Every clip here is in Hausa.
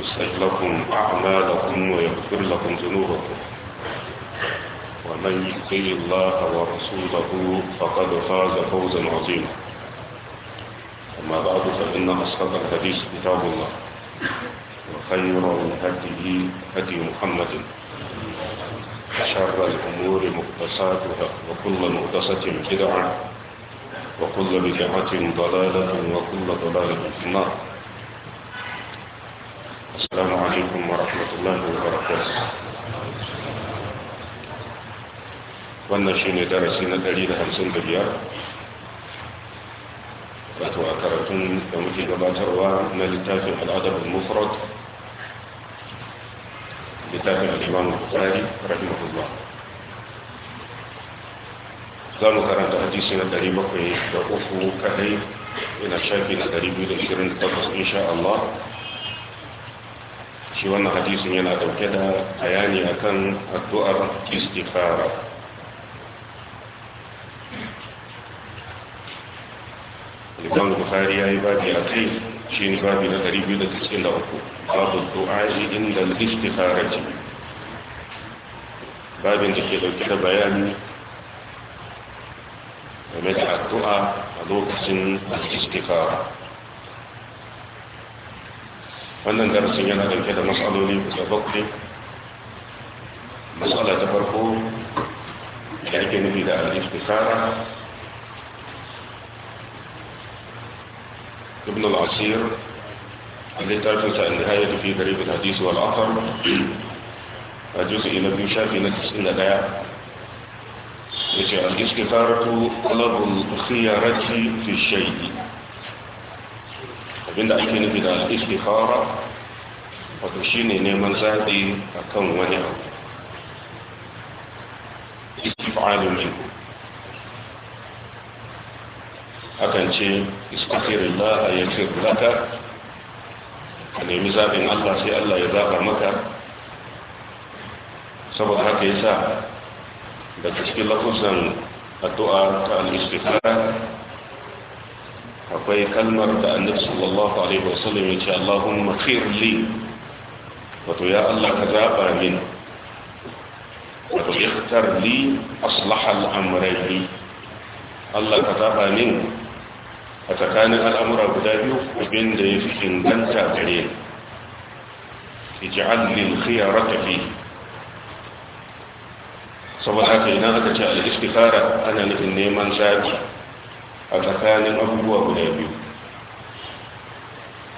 يصلح لكم أعمالكم ويغفر لكم ذنوبكم ومن يطيع الله ورسوله فقد فاز فوزا عظيما أما بعد فإن أصحاب الحديث كتاب الله وخير الهدي هدي محمد شر الأمور مقدساتها وكل مقدسة بدعة وكل بدعة ضلالة وكل ضلالة في النار السلام عليكم ورحمة الله وبركاته wannan shi ne darasi na 155 wato a karatun da muke gabatarwa na littafin al'adabin mufrad littafin al'imamun bukari rahimahullah za mu karanta hadisi na 700 da uku kadai ina shafi na 228 insha Allah shi wannan hadisin yana dauke da bayani akan addu'ar istikhara Imam Bukhari yi babi a kai, shi ne babi na 293 babu du'a inda al-istikhara babin da ke dauke da bayani game da addu'a a lokacin istikhara wannan darasin yana dauke da matsaloli guda bakwai matsala ta farko da ake nufi da al-istisara ibn al-asir a littafin sa nihaya ta fi gari da hadisi wal akhar a juzu'i na biyu shafi na 91 yace al-istisaratu talabul khiyarati fi shay'i abinda ake nufi da istikhara wato shine neman zabi akan wani abu istif'alu min akan ce istaghfirullah yaghfir laka ka nemi zaɓin Allah sai Allah ya zaba maka saboda haka yasa da cikin lafazan addu'a ta al-istighfar akwai kalmar da annabi sallallahu alaihi wasallam ya ce Allahumma khir khirli wato ya Allah ka zaba min wato ikhtar li aslaha al-amrayn Allah ka zaba min a tsakanin al'amura guda biyu abin da ya fi inganta gare ni ij'al li al khiyarata fi saboda haka idan aka ce al-istikhara ana nufin neman zabi a tsakanin abubuwa guda biyu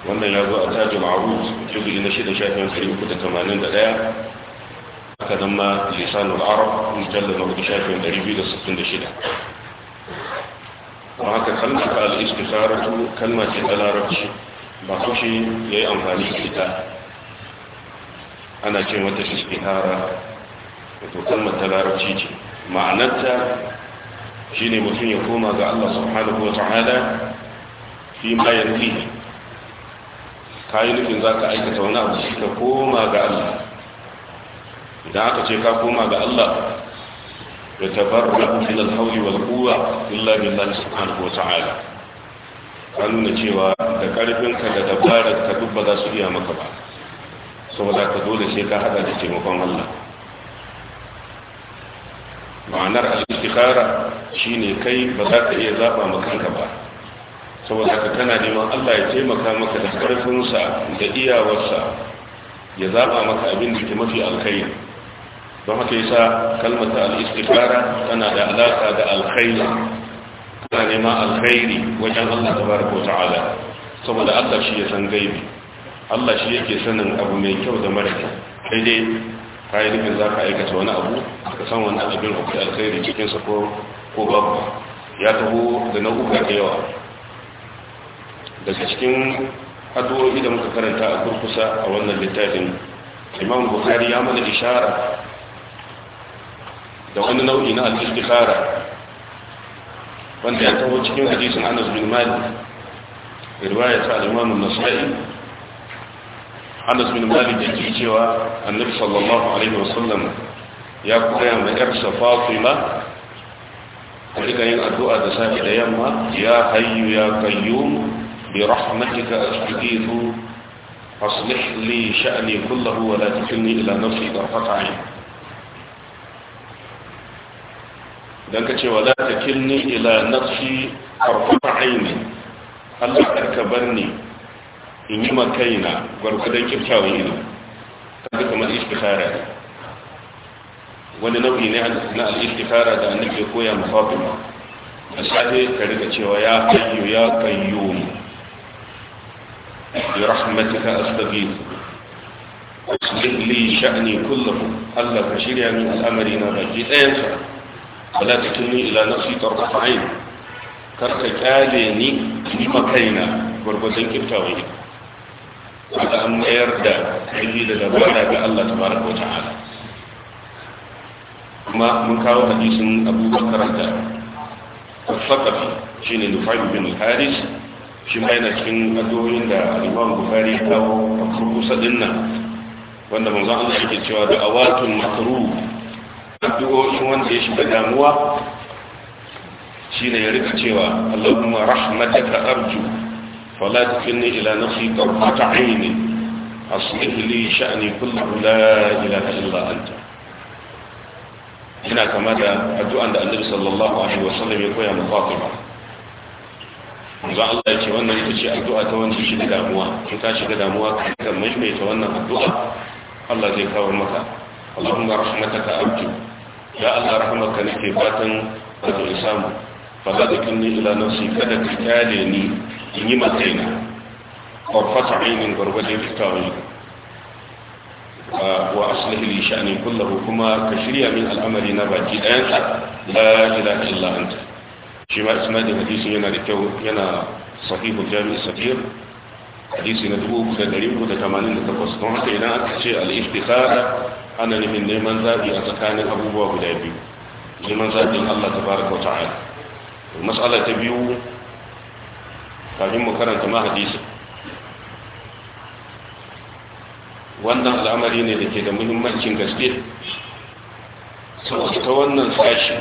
wannan ya zo a tajin ma'arut jubi na shida shafin da da tamanin 381 aka zama lisanul arab mujallar na hudu shafin 266 kuma haka kalmar ta al'istisaratu kalmar ce ta larabci ba shi ya yi amfani da ita ana ce wata shi istihara wato kalmar ta larabci ce ma'anarta shine mutum ya koma ga Allah subhanahu wata'ala fi fi. Ka yi nufin za ka aikata wani abu shi ka koma ga Allah idan aka ce ka koma ga Allah da tabarra min al-hawli wal quwwa illa billah subhanahu wata'ala ka nuna cewa da karfinka da dabarar ka duk ba za su iya maka ba saboda ka dole sai ka hada da taimakon Allah ma'anar al-istikhara shine kai ba za ka iya zaba ma kanka ba saboda haka kana neman Allah ya taimaka maka da karfinsa da iyawarsa ya zaba maka abin da ke mafi alkhairi don haka yasa kalmata al-istikhara tana da alaka da alkhairi kana neman alkhairi wajen Allah tabaraka wa ta'ala saboda Allah shi ya san gaibi Allah shi yake sanin abu mai kyau da mara kyau sai dai ka yi nufin za ka aikata wani abu ka san wani abin akwai alkhairi cikinsa ko babu ya taho da nau'uka da yawa daga cikin addu'o'i da muka karanta a kurkusa a wannan littafin imam bukhari ya mana ishara da wani nau'i na al-istikhara wanda ya taho cikin hadisin anas bin malik riwaya ta al-imam an-nasa'i anas bin malik yake cewa annabi sallallahu alaihi wasallam ya koya ma yarsa fatima ka rika yin addu'a da safi da yamma ya hayyu ya qayyum bi rahmatika astaghiithu aslih li sha'ni kullahu wa la tukilni ila nafsi tarfata ayn dan kace wa la tukilni ila nafsi tarfata ayn Allah karka barni in yi makaina gwargwadon kyautawan ido kaga kamar istikhara ne wani nau'i ne na al-istikhara da annabi ya koya mu Fatima a safe ka riga cewa ya hayyu ya qayyum bi rahmatika astaghith aslih li sha'ni kullahu Allah ka shirya min al'amari na baki ɗayansa wala takilni ila nafsi tarfa'ain karka kyale ni ni makaina gwargwadon kyautawan ido haka an mayar da ƙarfi daga dabara ga Allah ta baraka wa ta'ala kuma mun kawo hadisin abubakar da fasakafi shi ne nufayu bin haris shi ma yana cikin addu'o'in da imam bukari kawo a kusa din nan wanda manzon Allah yake cewa da awatun makru addu'o'in wanda ya shiga damuwa shine ya rika cewa Allahumma rahmataka arju فلا تكلني إلى نفسي طرفة عيني أصلح لي شأني كله لا إله إلا أنت هنا كما دا أدعو أن النبي صلى الله عليه وسلم يقول يا مخاطبة za Allah ya ce wannan ita ce addu'a ta wanda shi da damuwa in ka maimaita wannan addu'a Allah zai kawo maka Allahumma rahmataka abdu ya Allah rahmaka nake fatan wato in kada ka kyale ni in yi matsaina ƙwarfata ainihin gwargwajen fitawai wa aslihi li sha'ani kullahu kuma ka shirya min al'amari na baki ɗayansa la ilaha illa anta shi ma isnadin hadisin yana da kyau yana sahihul jami'i safir hadisi na 3388 don haka idan aka ce al-iftikhara ana nufin neman zaɓi a tsakanin abubuwa guda biyu neman zaɓin Allah tabaraka wa ta'ala mas'ala ta biyu kafin mu karanta ma hadisi wannan al'amari ne da ke da muhimmancin gaske saboda ta wannan sashi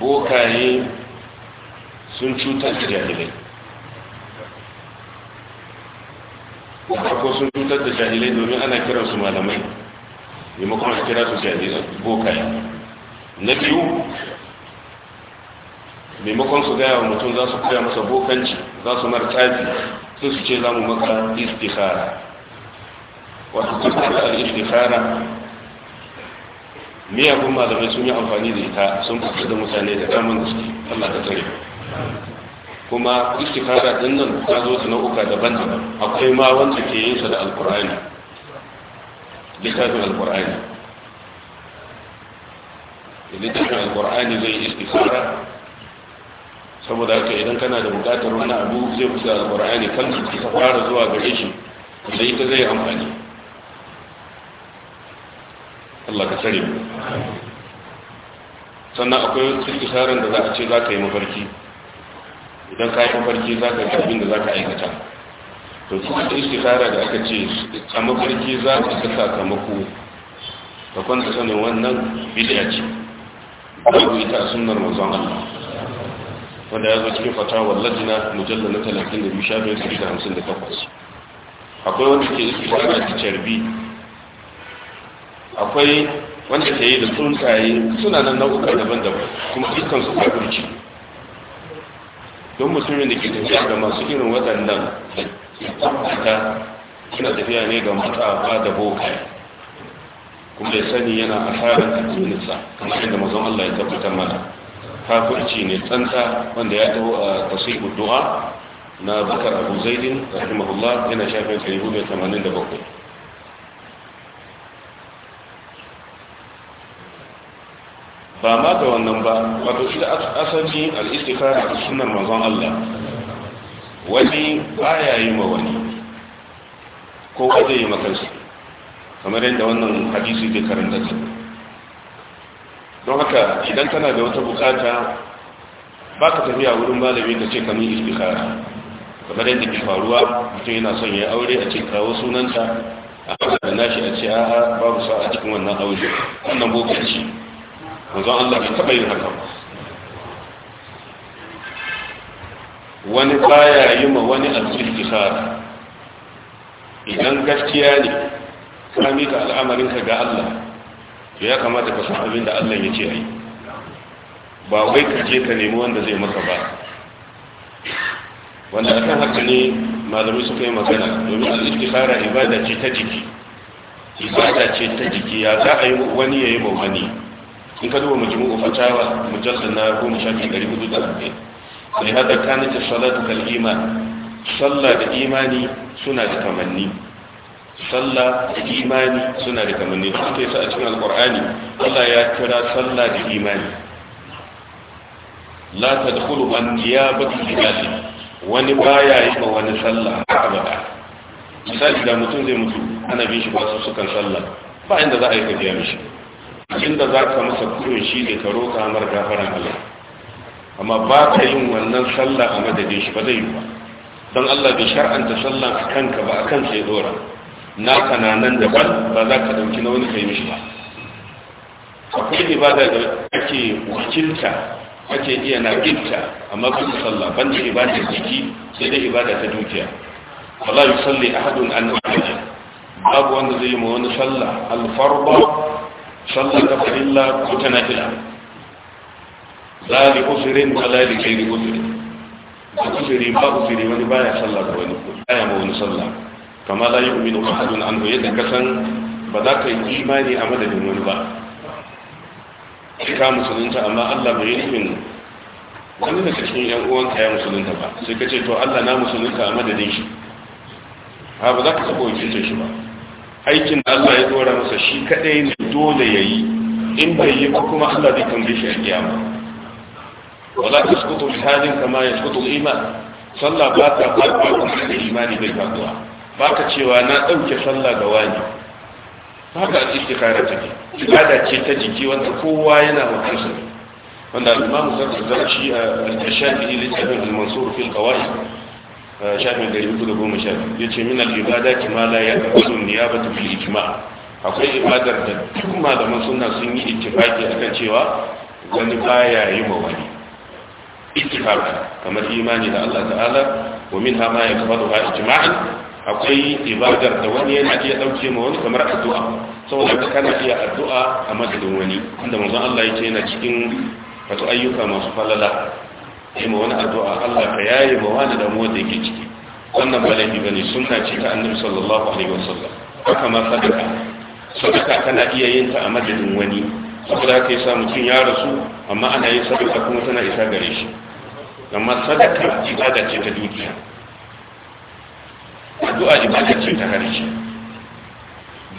bokaye sun cutar da jahilai da farko sun cutar da jahilai domin ana kiransu malamai maimakon a kira su jahilai bokaye na biyu maimakon su gaya wa mutum za su koya masa bokanci za su martafi Sun su ce za mu maka istihara wato kasar al-istikhara miyagun malamai sun yi amfani da ita sun fasa da mutane da da suke Allah ta tsare kuma istihara din nan ta zo ta nau'uka daban-daban akwai ma wanda ke yin sa da alkur'ani littafin alkur'ani littafin alkur'ani zai istikhara saboda haka idan kana da bukatar wani abu zai fusa ne, kan su ta fara zuwa gare shi sai ta zai amfani Allah ka sare sannan akwai tsirkisarin da za a ce za ka yi mafarki idan ka yi mafarki za ka yi abin da za ka aikata to kuma tsirkisara da aka ce a mafarki za ka ta sakamako da kwanta sanin wannan bidiya ce babu ita a sunnar manzon Allah wanda ya zo cikin fatawar lajina mujallar na hamsin da takwas. akwai wanda ke yi kwana da carbi akwai wanda ke yi da tsuntsaye suna nan nau'uka daban-daban kuma dukkan su kafirci don mutumin da ke tafiya ga masu irin waɗannan tabbata suna tafiya ne ga matsafa da bokai kuma ya sani yana asarar addininsa kamar yadda mazan Allah ya tabbatar mana kafirci ne tsanta wanda ya taho a tasiru du'a na bakar abu zaidin rahimahullah yana shafin 487 ba ma ga wannan ba wato shi da asali al'istikar a sunan mazan Allah wani ya yi ma wani ko wajen yi makansu kamar yadda wannan hadisi ke karanta don haka idan kana da wata bukata ba ka tafiya wurin malami ka ce kamun istikhara kamar yadda ke faruwa mutum yana son ya aure a ce kawo sunanta a kasa da nashi a ce a'a babu sa a cikin wannan aure wannan bokanci Wanzan Allah ya taba yin haka wani baya yi ma wani al-istikhara idan gaskiya ne ka mika al'amarinka ga Allah to ya kamata ka san abin da Allah ya ce a yi. ba wai ka je ka nemi wanda zai maka ba wanda akan haka ne malamai suka yi magana domin al-istikhara ibada ce ta jiki ibada ce ta jiki ya za a yi wani yayi ba wani in ka duba majmu'u fatawa mujallal na goma da 10440 sai hada kanat salatu kal iman sallah da imani suna da kamanni sallah da imani suna da kamanni su ke sa a cikin alkur'ani Allah ya kira sallah da imani la ta dukulu ban ya batu jikali wani baya yi ma wani sallah a abada misali da mutum zai mutu ana bin shi ba su sukan sallah ba inda za a yi ka biya mishi inda za ka masa kurin shi da ka roƙa mar gafaran Allah amma ba ka yin wannan sallah a madadin shi ba zai yi ba don Allah bai shar'anta sallah kanka ba a kansa ya dora naka na nan daban ba za ka dauki na wani kai mishi ba akwai ibada da ake wakilta ake iya na gilta amma kun sallah ban da ibada jiki sai dai ibada ta dukiya salli a ahadun an ahadin babu wanda zai yi ma wani sallah alfarba sallah ta farilla ko ta nafila zali usirin wala li kairi usirin ba usiri ba usiri wani baya sallah da wani baya ma wani sallah kama la yu'minu ahadun hoye da kasan ba za ka yi imani a madadin wani ba ka musulunta amma Allah bai yi wani da cikin yan uwanka ya musulunta ba sai ka ce to Allah na musulunta a madadin shi ha ba za ka saba wakiltar shi ba aikin da Allah ya dora masa shi kadai ne dole ya yi, in bai yi kuma Allah zai tambaye shi a kiyama ولا تسقط الحال كما يسقط الإيمان صلى بات قلبكم imani bai بالبقوة ba ka cewa na ɗauke sallah ga wani haka a istikara take ibada ce ta jiki wanda kowa yana wa kansa wanda al-imamu sarki zarci a shafi'i littafin al-mansur fil qawaid shafin gari uku da goma shafi. ya ce min al-ibada ki ma la yaqbalu niyabatu bil ijma' akwai ibadar da duk malaman sunna sun yi ittifaki akan cewa wani baya yi ma wani ittifaq kamar imani da Allah ta'ala wa minha ma yaqbaluha ijma'an akwai ibadar da wani yana iya dauke ma wani kamar addu'a saboda kana iya addu'a a madadin wani inda manzon Allah yake yana cikin wato ayyuka masu falala sai ma wani addu'a Allah ka yaye ma wani da mu da yake ciki wannan ba bane sunna ce ta Annabi sallallahu alaihi wasallam haka ma sadaka sadaka kana iya yin ta a madadin wani saboda kai sa mutum ya rasu amma ana yin sadaka kuma tana isa gare shi amma sadaka ibada ce ta dukiya addu'a ibada ce ta harshe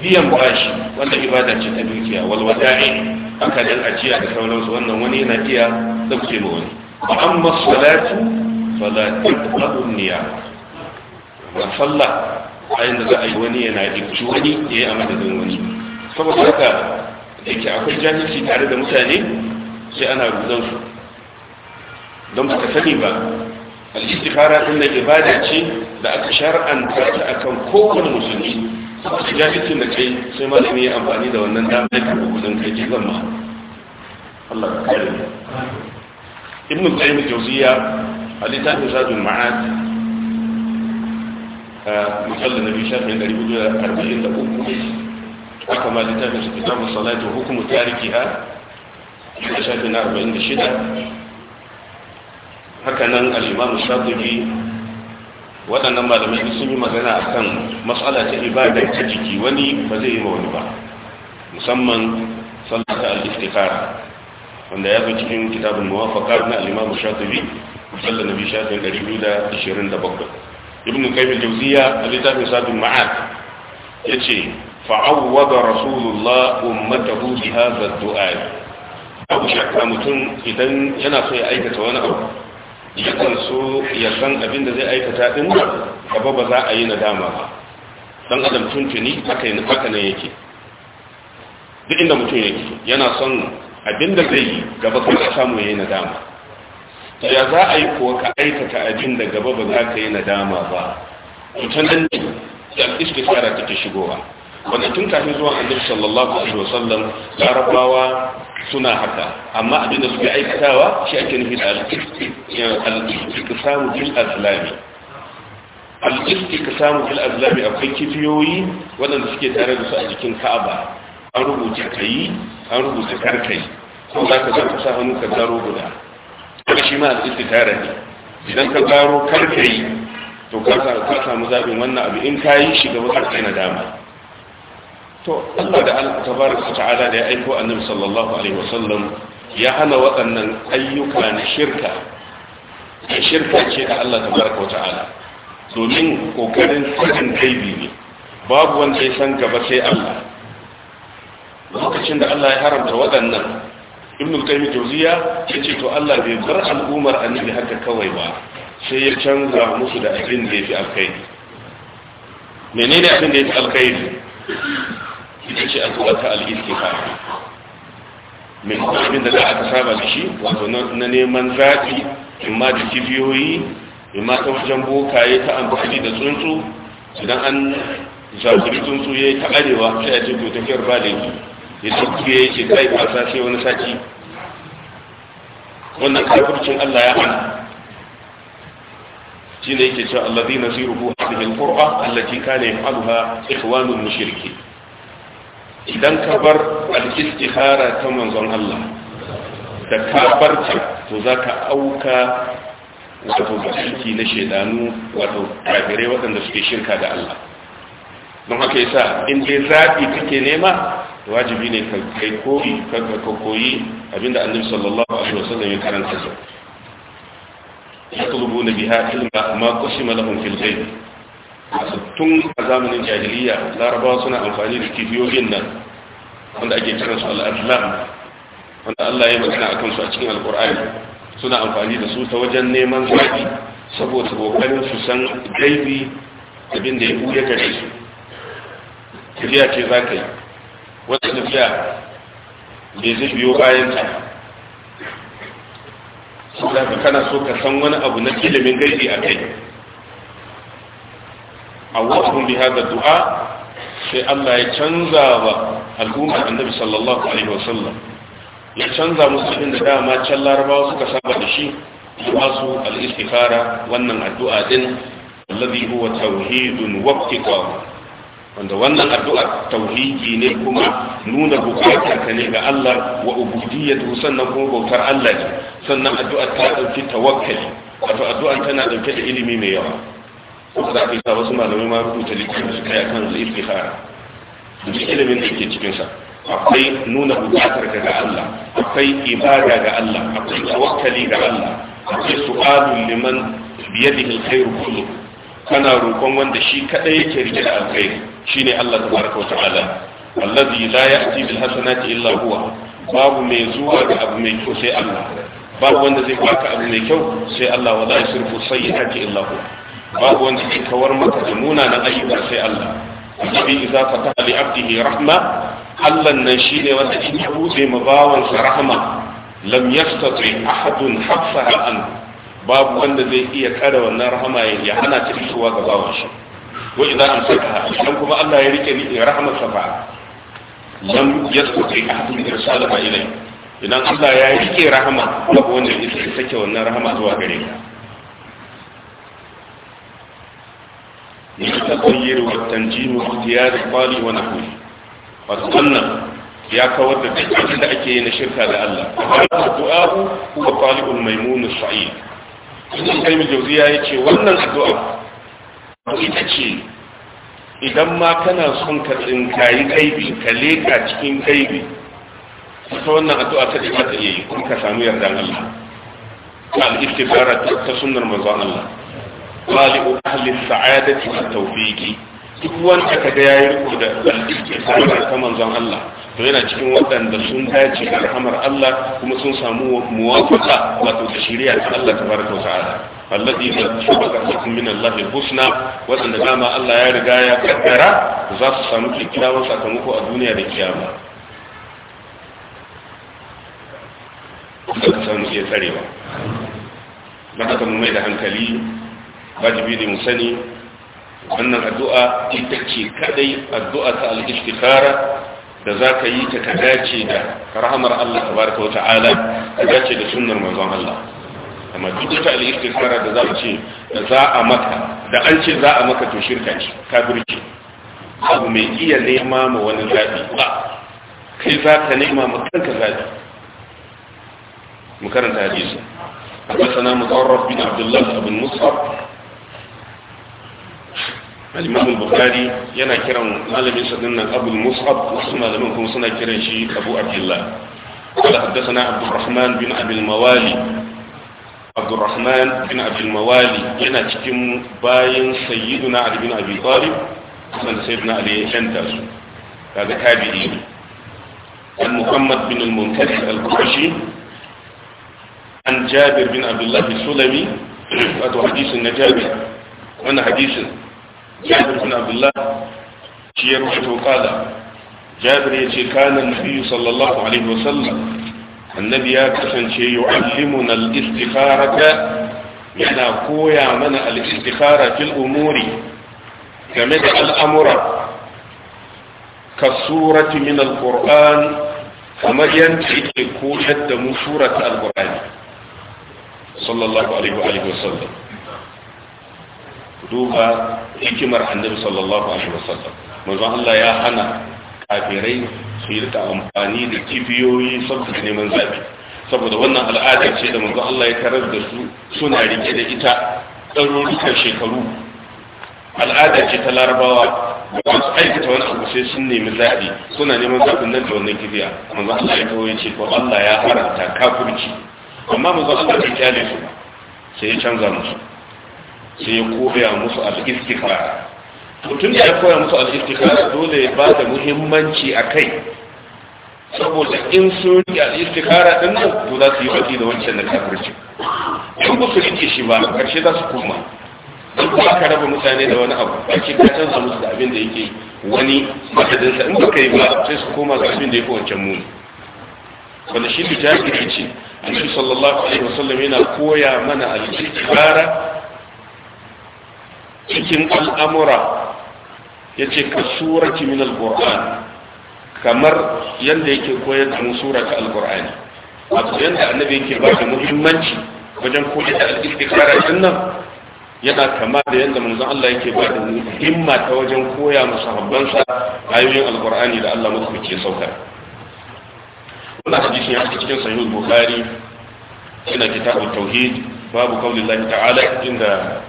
biyan bashi wanda ibada ce ta dukiya walwada'i aka dan ajiya da sauransu wannan wani yana iya dauke ma wani wa amma salatu fala taqbadu niyya wa sallah ayin da za a yi wani yana ibci wani ya yi a madadin wani saboda haka da ke akwai jahilci tare da mutane sai ana rudan su don ba ka sani ba al-istikhara din da ibada ce da aka shar'anta ta akan kowane musulmi jahilcin da kai sai malami ya amfani da wannan damar da kudin kai ke zama Allah ka kare mu ibn qayyim jawziya a littafin zadul ma'ad a da nabi shafin 443 haka ma littafin su kitabun salatu hukumu tarikiha shafin shida. hakanan al'imam shafi waɗannan malamai sun yi magana a kan matsala ta ibada ta jiki wani ba zai yi ma wani ba musamman sallata al-iftikara wanda ya fi cikin kitabun mawafakar na al'imam shafi musallar nabi shafin 227 ibn kaifin jauziya a littafin sabin ma'ad ya ce fa'awwada rasulullah ummatahu bi hadha ad-du'a abu shakka mutum idan yana so ya aikata wani abu yakan so ya san abin da zai aikata din gaba ba za a yi nadama ba dan adam tuntuni haka na haka ne yake duk inda mutum yake yana son abin da zai yi gaba ko ka samu yi nadama to ya za a yi ko ka aikata abin da gaba ba za ka yi nadama ba to can dan ne da iskisara take shigowa wanda tun kafin zuwan annabi sallallahu alaihi wasallam larabawa suna haka amma abin da suke aikatawa shi ake nufi da al-iqsamu fil azlami al-iqsamu fil azlami akwai kifiyoyi waɗanda suke tare da su a jikin Ka'aba an rubuta kai an rubuta karkai ko za ka zaka sa hannu ka zaro guda kuma shi ma al-iqtara ne idan ka zaro karkai to ka samu zabin wannan abu in kayi shi gaba karkai na dama to Allah da Allah tabaraka ta'ala da ya aiko annabi sallallahu alaihi wasallam ya hana waɗannan ayyuka na shirka da shirka ce da Allah tabaraka ta'ala domin kokarin sakin gaibi ne babu wanda ya san gaba sai Allah lokacin da Allah ya haramta waɗannan ibnu qayyim jawziya yace to Allah bai bar al'umar annabi haka kawai ba sai ya canza musu da abin da ya fi alkhairi menene abin da ya fi alkhairi ita ce addu'a ta al-istighfar min abin da aka saba da shi wato na neman zafi imma da kibiyoyi imma ta wajen bokaye ta amfani da tsuntsu idan an zafiri tsuntsu ya yi ta arewa sai a ce tafiyar ba da yi ya tsuntsu ya yi ce kai kwasa sai wani sati wannan kafircin allah ya hana shi ne yake cewa allazi nasiru hadhihi alqur'a allati kana yaf'aluha ikhwanul mushrikin idan ka bar al istikhara ta manzon Allah da ka bar ta to zaka auka wato gaski na shedanu wato kafirai waɗanda suke shirka da Allah don haka yasa in dai zaɓi kake nema wajibi ne ka kai koyi ka koyi abinda annabi sallallahu alaihi wasallam ya karanta yatlubuna biha ilma ma qasima lahum fil ghaib tun a zamanin jahiliya larabawa suna amfani da kibiyoyin nan wanda ake su al'adlam wanda Allah ya magana a kansu a cikin alkur'ani suna amfani da su ta wajen neman zaɓi saboda kokarin su san gaibi abin da ya buya gare su tafiya ce za ka yi wata tafiya bai zai biyo bayan ta saboda kana so ka san wani abu na ilimin gaibi a kai awwahum bi hadha du'a sai Allah ya canza wa al'ummar annabi sallallahu alaihi wasallam ya canza musu da dama can larabawa suka saba da shi masu al-istikhara wannan addu'a din alladhi huwa tauhidun waqtiqa wanda wannan addu'a tauhidi ne kuma nuna bukatarka ne ga Allah wa ubudiyyatu sannan kuma bautar Allah ne sannan addu'a ta dauki tawakkali wato addu'a tana dauke da ilimi mai yawa kuma da ka wasu malamai ma rubuta littafi su kai akan hara da duk ilimin da ke cikinsa. akwai nuna bukatar ga Allah akwai ibada ga Allah akwai tawakkali ga Allah akwai su'alun liman biyadihi kai kullu kana roƙon wanda shi kadai yake rike da alkhair shine Allah tabaraka wa ta'ala allazi la ya'ti bil hasanati illa huwa babu mai zuwa da abu mai kyau sai Allah babu wanda zai baka abu mai kyau sai Allah wala yasrifu sayyi'ati illa huwa babu wanda ke kawar maka da munanan ayyuka sai Allah annabi idza fataha li abdihi rahma Allah nan shine wanda in ya bude ma bawan sa rahma lam yastati ahadun hafaha an babu wanda zai iya kare wannan rahama ya hana ta fitowa ga bawan shi wa idza amsaka dan kuma Allah ya rike ni rahmar safa. fa lam yastati ahadun irsalaha ilayhi idan Allah ya rike rahama babu wanda ya sake wannan rahama zuwa gare ka التغيير والتنجيم واختيار الطالي ونحوه فالسنة يا كود التكليل أكي نشرك هذا الله الدعاء هو طالب الميمون الصعيد ابن قيم الجوزية يتشي ولن الدعاء يتشي idan ma kana son ka tsinkayi gaibi ka leka cikin gaibi ta wannan addu'a ta da ta iya yi kun ka samu yardan Allah ta al-istifara ta sunnar manzon Allah bali'u ahli sa'adati wa tawfiqi duk wanda kaga yayi riko da al-istiqamar ta manzon Allah to yana cikin waɗanda sun dace da rahamar Allah kuma sun samu muwafaqa wato da shari'a ta Allah tabaraka wa ta'ala alladhi sabaka lakum min Allah al-husna waɗanda dama Allah ya riga ya kaddara za su samu kyakkyawan sakamako a duniya da kiyama ba samu iya tsarewa ba haka mu mai da hankali wajibi ne mu sani wannan addu'a ita ce kadai addu'a ta al-istikhara da za ka yi ta ta dace da rahamar Allah ta tabaraka wata ala, ta dace da sunnar manzon Allah amma duk ta al-istikhara da za a ce za a maka da an ce za a maka to shirka ce kafirci abu mai iya nema ma wani zabi ba kai za ka nema ma kanka zabi mu karanta hadisi حدثنا mu بن عبد الله abin Musa. الإمام البخاري ينا كرم نعلم سيدنا أبو المصعب وسمى لمن كم سنة كرم شيء أبو عبد الله قال حدثنا عبد الرحمن بن أبي الموالي عبد الرحمن بن أبي الموالي ينا تكم باين سيدنا علي بن أبي طالب سنة سيدنا علي شنتاز هذا تابعين عن محمد بن المنتهي القرشي عن جابر بن عبد الله السلمي وحديث النجابي وانا حديث جابر بن عبد الله شي يروحته قال جابر يجي كان النبي صلى الله عليه وسلم النبي يكفن شي يعلمنا الاستخارة يعني قويا من الاستخارة في الأمور كمدع الأمر كالسورة من القرآن كما ينتهي كوشة مصورة القرآن صلى الله عليه وآله وسلم duba hikimar annabi sallallahu alaihi wasallam manzon Allah ya hana kafirai su yi ta amfani da kifiyoyi saboda neman zabi saboda wannan al'ada ce da manzon Allah ya tarar da su suna rike da ita ɗarurukan shekaru al'ada ce ta larabawa ba su aikata wani abu sai sun nemi zaɓi suna neman zaɓin nan da wannan kifiya manzo Allah ya kawo ya ce ko Allah ya haranta kafirci amma manzo Allah bai kyale su sai ya canza musu sai ya koya musu al-istikhara mutum da ya koya musu al dole ya ba da muhimmanci a kai saboda in sun yi al-istikhara nan to za su yi baki da wancan na kafirci in ba su rike shi ba karshe za su kuma. Duk kuma aka raba mutane da wani abu a ka canza musu da abin da yake wani matadinsa in ba ka yi ba sai su koma ga abin da yake wancan muni wanda shi ta jahiri ce annabi sallallahu alaihi wasallam yana koya mana al-istikhara cikin al'amura ya ce ka surati min al-qur'an kamar yadda yake koyar da musura ta al-qur'ani wato da annabi yake ba da muhimmanci wajen koyar da al din nan yana kama da yadda manzon Allah yake ba da himma ta wajen koya masa habbansa ayoyin al-qur'ani da Allah muku ke saukar wannan hadisi ya cikin sahih bukhari ina kitabut tauhid babu qaulillahi ta'ala inda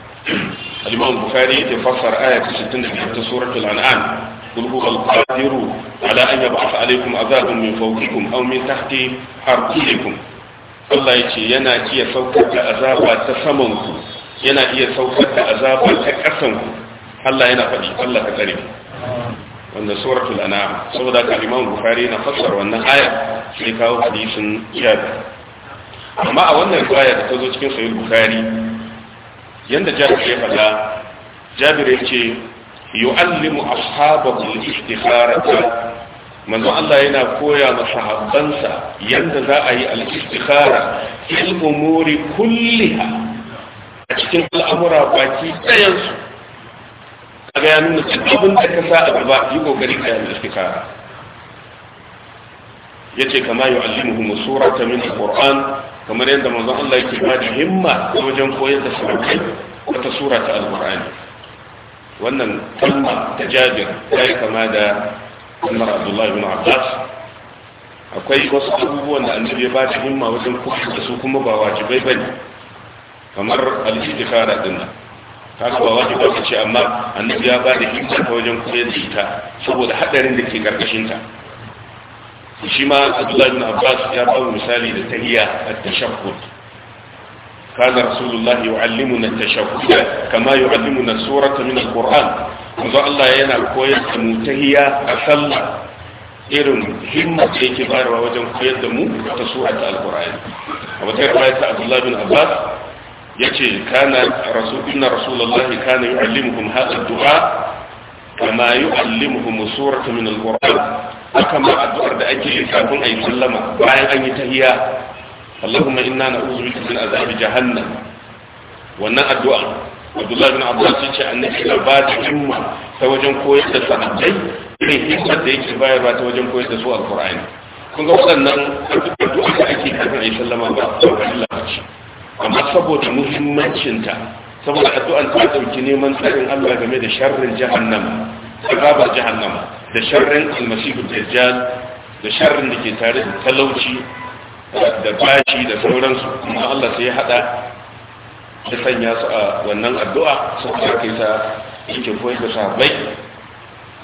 al-imam bukhari yake 65 ta suratul an'am قل هو القادر على أن يبعث عليكم من فوقكم أو من تحت أرجلكم yana iya saukar da azaba ta samanku yana iya saukar da azaba ta ƙasanku Allah yana faɗi Allah tsare wanda suratul an'am saboda kalimar bukhari na fassar wannan aya sai kawo hadisin iyad amma a wannan riwaya da ta zo cikin sahih bukhari yanda jabir ya faɗa jabir ya ce yu'allimu ashabahu al-istikharata manzo Allah yana koya ma sahabansa yanda za a yi al-istikhara fil kulliha a cikin al'amura baki ɗayansu. su kaga ya nuna cikin da ka sa a gaba yi kokari ka yi Ya ce kama yu'allimuhum surata min al kamar yadda manzon Allah yake ba da himma wajen koyar da sahabbai wata sura ta alqur'ani wannan kalma ta jabir yi kama da kalmar abdullahi bin abbas akwai wasu abubuwan da annabi ya ba shi himma wajen koyar da su kuma ba wajibai bane kamar al-istikhara din nan kaga ba wajibi ba ce amma annabi ya ba da himma wajen koyar da ita saboda hadarin da ke karkashin ta shi ma abdullahi bin abbas ya ba mu misali da tahiyya at-tashahhud kana rasulullah yu'allimuna at-tashahhud kama na surata min al Kuma manzo Allah yana koyar da mu tahiyya a sallah irin himma da yake bayarwa wajen koyar da mu ta surata al-qur'ani a wata riwaya ta abdullahi bin abbas yace kana rasul inna kana yu'allimuhum hadha ad-du'a kama yu'allimuhum surata min al-qur'an aka ma addu'ar da ake yi kafin a yi sallama bayan an yi tahiya Allahumma inna na'udhu bika min azabi jahannam wannan addu'a Abdullah bin Abbas ya ce annabi ya ba da himma ta wajen koyar da sahabbai irin himmar da yake bayarwa ta wajen koyar da su alqur'ani kun ga waɗannan addu'a da ake kafin a yi sallama ba a wani lokaci amma saboda muhimmancinta saboda addu'an ta dauki neman tsarin Allah game da sharrin jahannama azabar jahannama da sharrin almasihu dajjal da sharrin da ke tare da talauci da bashi da sauransu kuma Allah sai ya hada da sanya su a wannan addu'a saboda kai sa yake koyar da sahabbai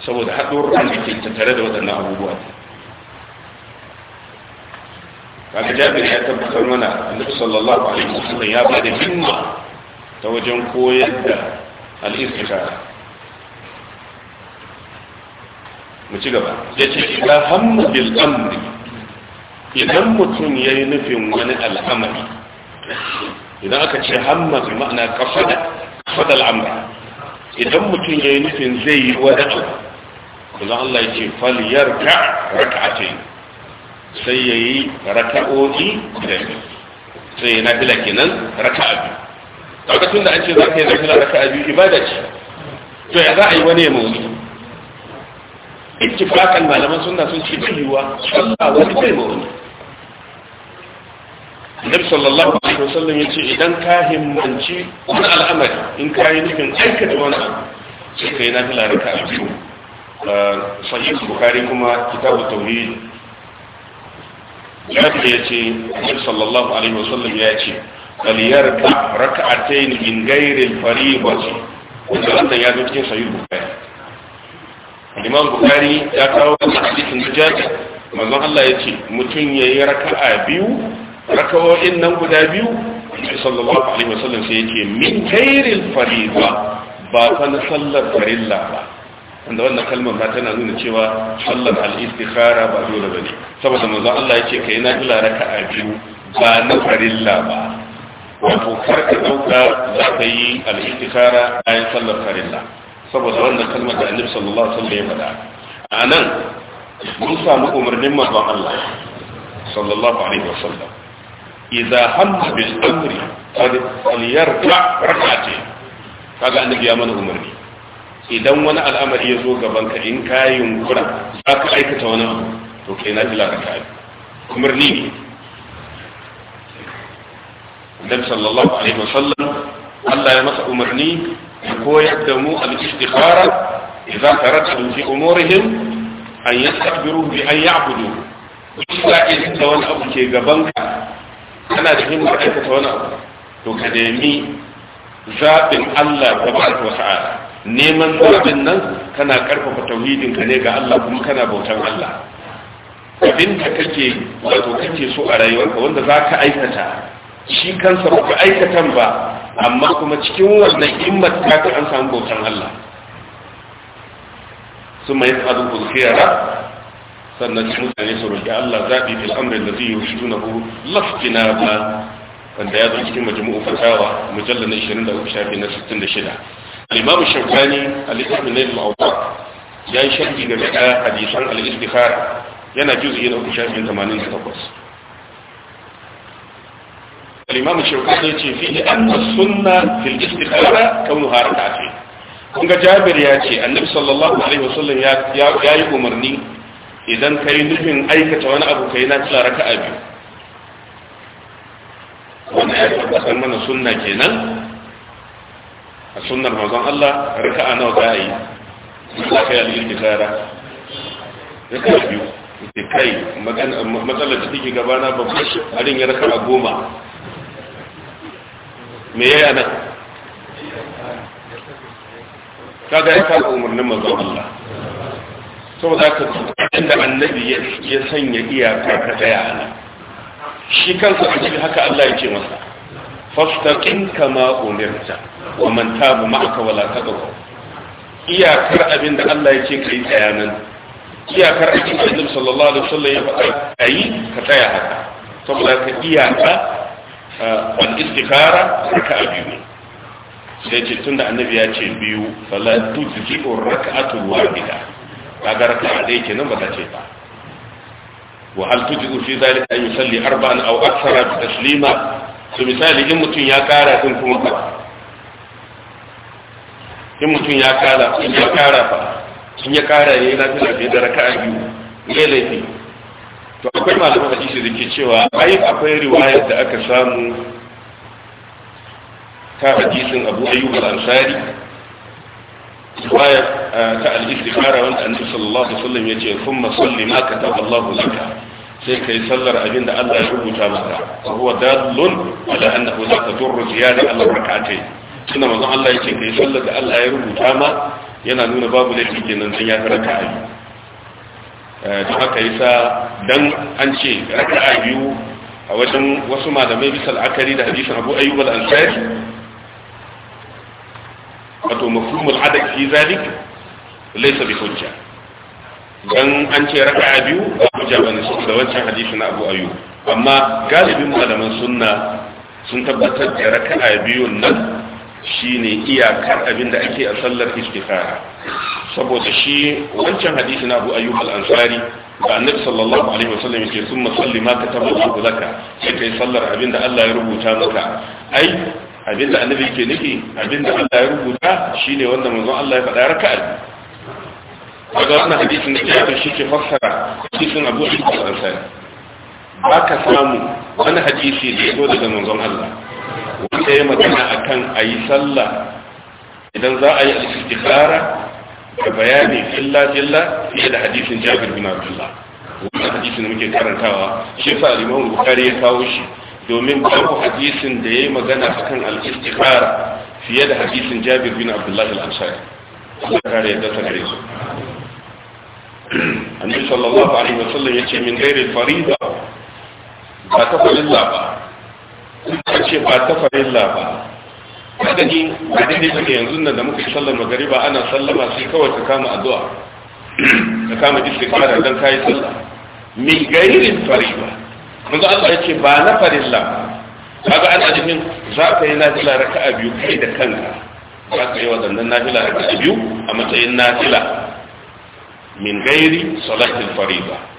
saboda haɗurran da ke tattare da waɗannan abubuwa kaga jabir ya tabbatar mana annabi sallallahu alaihi wasallam ya bada himma ta wajen koyar da al-istikhara mu ci gaba ya ce idan hamma bil amri idan mutum ya yi nufin wani al'amari idan aka ce hamma bi ma'ana kafada kafada al'amri idan mutum ya yi nufin zai yi wani kuma Allah ya ce fal yarka rak'atayn sai yayi raka'o'i da sai na fila kenan raka'a biyu kaga da an ce za ka yi na fila raka'a biyu ibada ce to ya za a yi wani ya mawuni ittifaqan malaman sunna sun ce cewa sallah wani bai ma wani Nabi sallallahu alaihi wasallam yace idan ka himmanci wani al'amari in ka yi nufin aikata wani abu sai kai na fi raka a biyu sahih bukhari kuma kitabu tauhid ya ce yace Annabi sallallahu alaihi wasallam ya ce فليركع ركعتين من غير الفريضة وكان هذا يدل في صحيح Bukhari. imam bukari ya kawo wannan hadisin da jaji manzon Allah ya ce mutum ya yi raka'a biyu raka'o'in nan guda biyu sallallahu alaihi wasallam sai ya ce min kairin fariza ba fa na sallar farilla ba wanda wannan kalmar ba tana nuna cewa sallar al-istikhara ba dole bane saboda manzon Allah ya ce yi na ila raka'a biyu ba na farilla ba wato karka dauka za ka yi al-istikhara bayan sallar farilla saboda wannan kalmar da annabi sallallahu alaihi wasallam ya faɗa a nan mun samu umarnin manzon Allah sallallahu alaihi wasallam idza hamma bil amri falyarka rak'ati kaga annabi ya mana umarni idan wani al'amari ya zo gaban ka in ka yi yunkura za ka aikata wani abu to kai na jila raka'a umarni ne Annabi sallallahu alaihi wasallam Allah ya masa umarni ya koyar da mu al-istikhara idza taratu fi umurihim an yastakbiru bi an ya'budu kuka in ta wani abu ke gaban ka kana da himma aikata wani abu to ka nemi zaɓin Allah ta tabaraka wa ta'ala neman zaɓin nan kana ƙarfafa tauhidin ka ne ga Allah kuma kana bautan Allah abin da kake wato kake so a rayuwarka wanda za ka aikata shi kansa ba ka aikatan ba amma kuma cikin wannan himmat ta ta an samu bautan Allah sun mai tsadu kulkiyara sannan su mutane su roƙi Allah zaɓi bil amri da zai yi shi tunahu lafkina ba wanda ya zo cikin majmu'u fatawa mujalla na 23 shafi na 66 al-imam shawkani al-ibn nail al-awqaf ya yi sharhi game da hadisan al-istikhara yana juzu yana shafi 88 الإمام الشوكاني يقول فيه أن السنة في الاستخارة كونها ركعتين kun jabir ya ce annabi sallallahu alaihi wasallam ya yi umarni idan ka yi nufin aikata wani abu ka yi raka a biyu wanda ya tabbatar kenan a sunnar mazan Allah a nawa ka alirki tsara a biyu da kai matsalar da take gabana babbar harin ya raka a goma me yayi anan kaga ya fara umarnin manzon Allah saboda haka inda annabi ya sanya iyaka ta tsaya ana shi kansa a cikin haka Allah ya ce masa fastaqim kama umirta wa man taba ma'aka wala taqaw iyakar abin da Allah ya ce kai tsaya nan iyakar abin da Annabi sallallahu alaihi wasallam ya faɗa kai ka tsaya haka saboda haka iyaka wal istikhara a biyu sai ce tunda annabi ya ce biyu fala tuzki rak'atul wahida kaga raka'a dai kenan ba ta ce ba wa hal tujzu fi zalika an yusalli arba'an aw akthara bi taslima to misali in mutun ya kara din kuma ba in mutun ya kara in ya kara fa in ya kara yayin lafiya da a biyu ne laifi to akwai malamin hadisi da ke cewa ai akwai riwayar da aka samu ta hadisin abu ayyub al-ansari riwayar eh, ta al-istikhara wanda annabi sallallahu alaihi wasallam yace thumma salli ma kataba Allahu laka sai kai sallar abinda Allah ya rubuta maka wa huwa dallun ala annahu la tadurru ziyada ala rak'atay tunda manzon Allah yake kai sallar da Allah ya rubuta ma yana nuna babu laifi kenan sai ya karanta ayi da eh, haka yasa dan an ce raka a biyu a wajen wasu malamai bisa la'akari da hadisin Abu Ayyub al-Ansari wato mafhumul adad fi zalik laysa bi hujja dan an ce raka a biyu ba hujja bane da wancan hadisin Abu ayyu amma galibin malaman sunna sun tabbatar da a biyun nan shine iyakar abin da ake a sallar istikhara saboda shi wancan hadisi na Abu Ayyub al-Ansari da Annabi sallallahu alaihi wasallam yake sun salli ma kataba Allahu zaka sai kai sallar abin da Allah ya rubuta maka ai abin da Annabi yake nufi abin da Allah ya rubuta shine wanda manzon Allah ya faɗa raka'a kaga wannan hadisin da yake shi ke fassara hadisin Abu Ayyub al-Ansari Ba ka samu wani hadisi da ya zo daga manzon Allah wanda ya magana akan a yi sallah idan za a yi al-istikhara da bayani filla-filla fiye da hadisin jabir bin abdullah wannan hadisin da muke karantawa shi yasa limamu bukari ya kawo shi domin babu hadisin da ya yi magana akan al-istikhara fiye da hadisin jabir bin abdullah al-ansari Allah kare ya dasa gare su annabi sallallahu alaihi wasallam yace min ghairi farida ba ta farilla ba sun ce ba ta farilla ba kada ni a daidai suke yanzu nan da muka sallar magariba ana sallama sai kawai ka kama addu'a ka kama istighfar dan kai sallah min gairin fariba manzo Allah ya ce ba na farilla ga an ajimin za ka yi nafila raka'a biyu kai da kanka za ka yi wadannan nafila raka'a biyu a matsayin nafila min gairi salatul fariba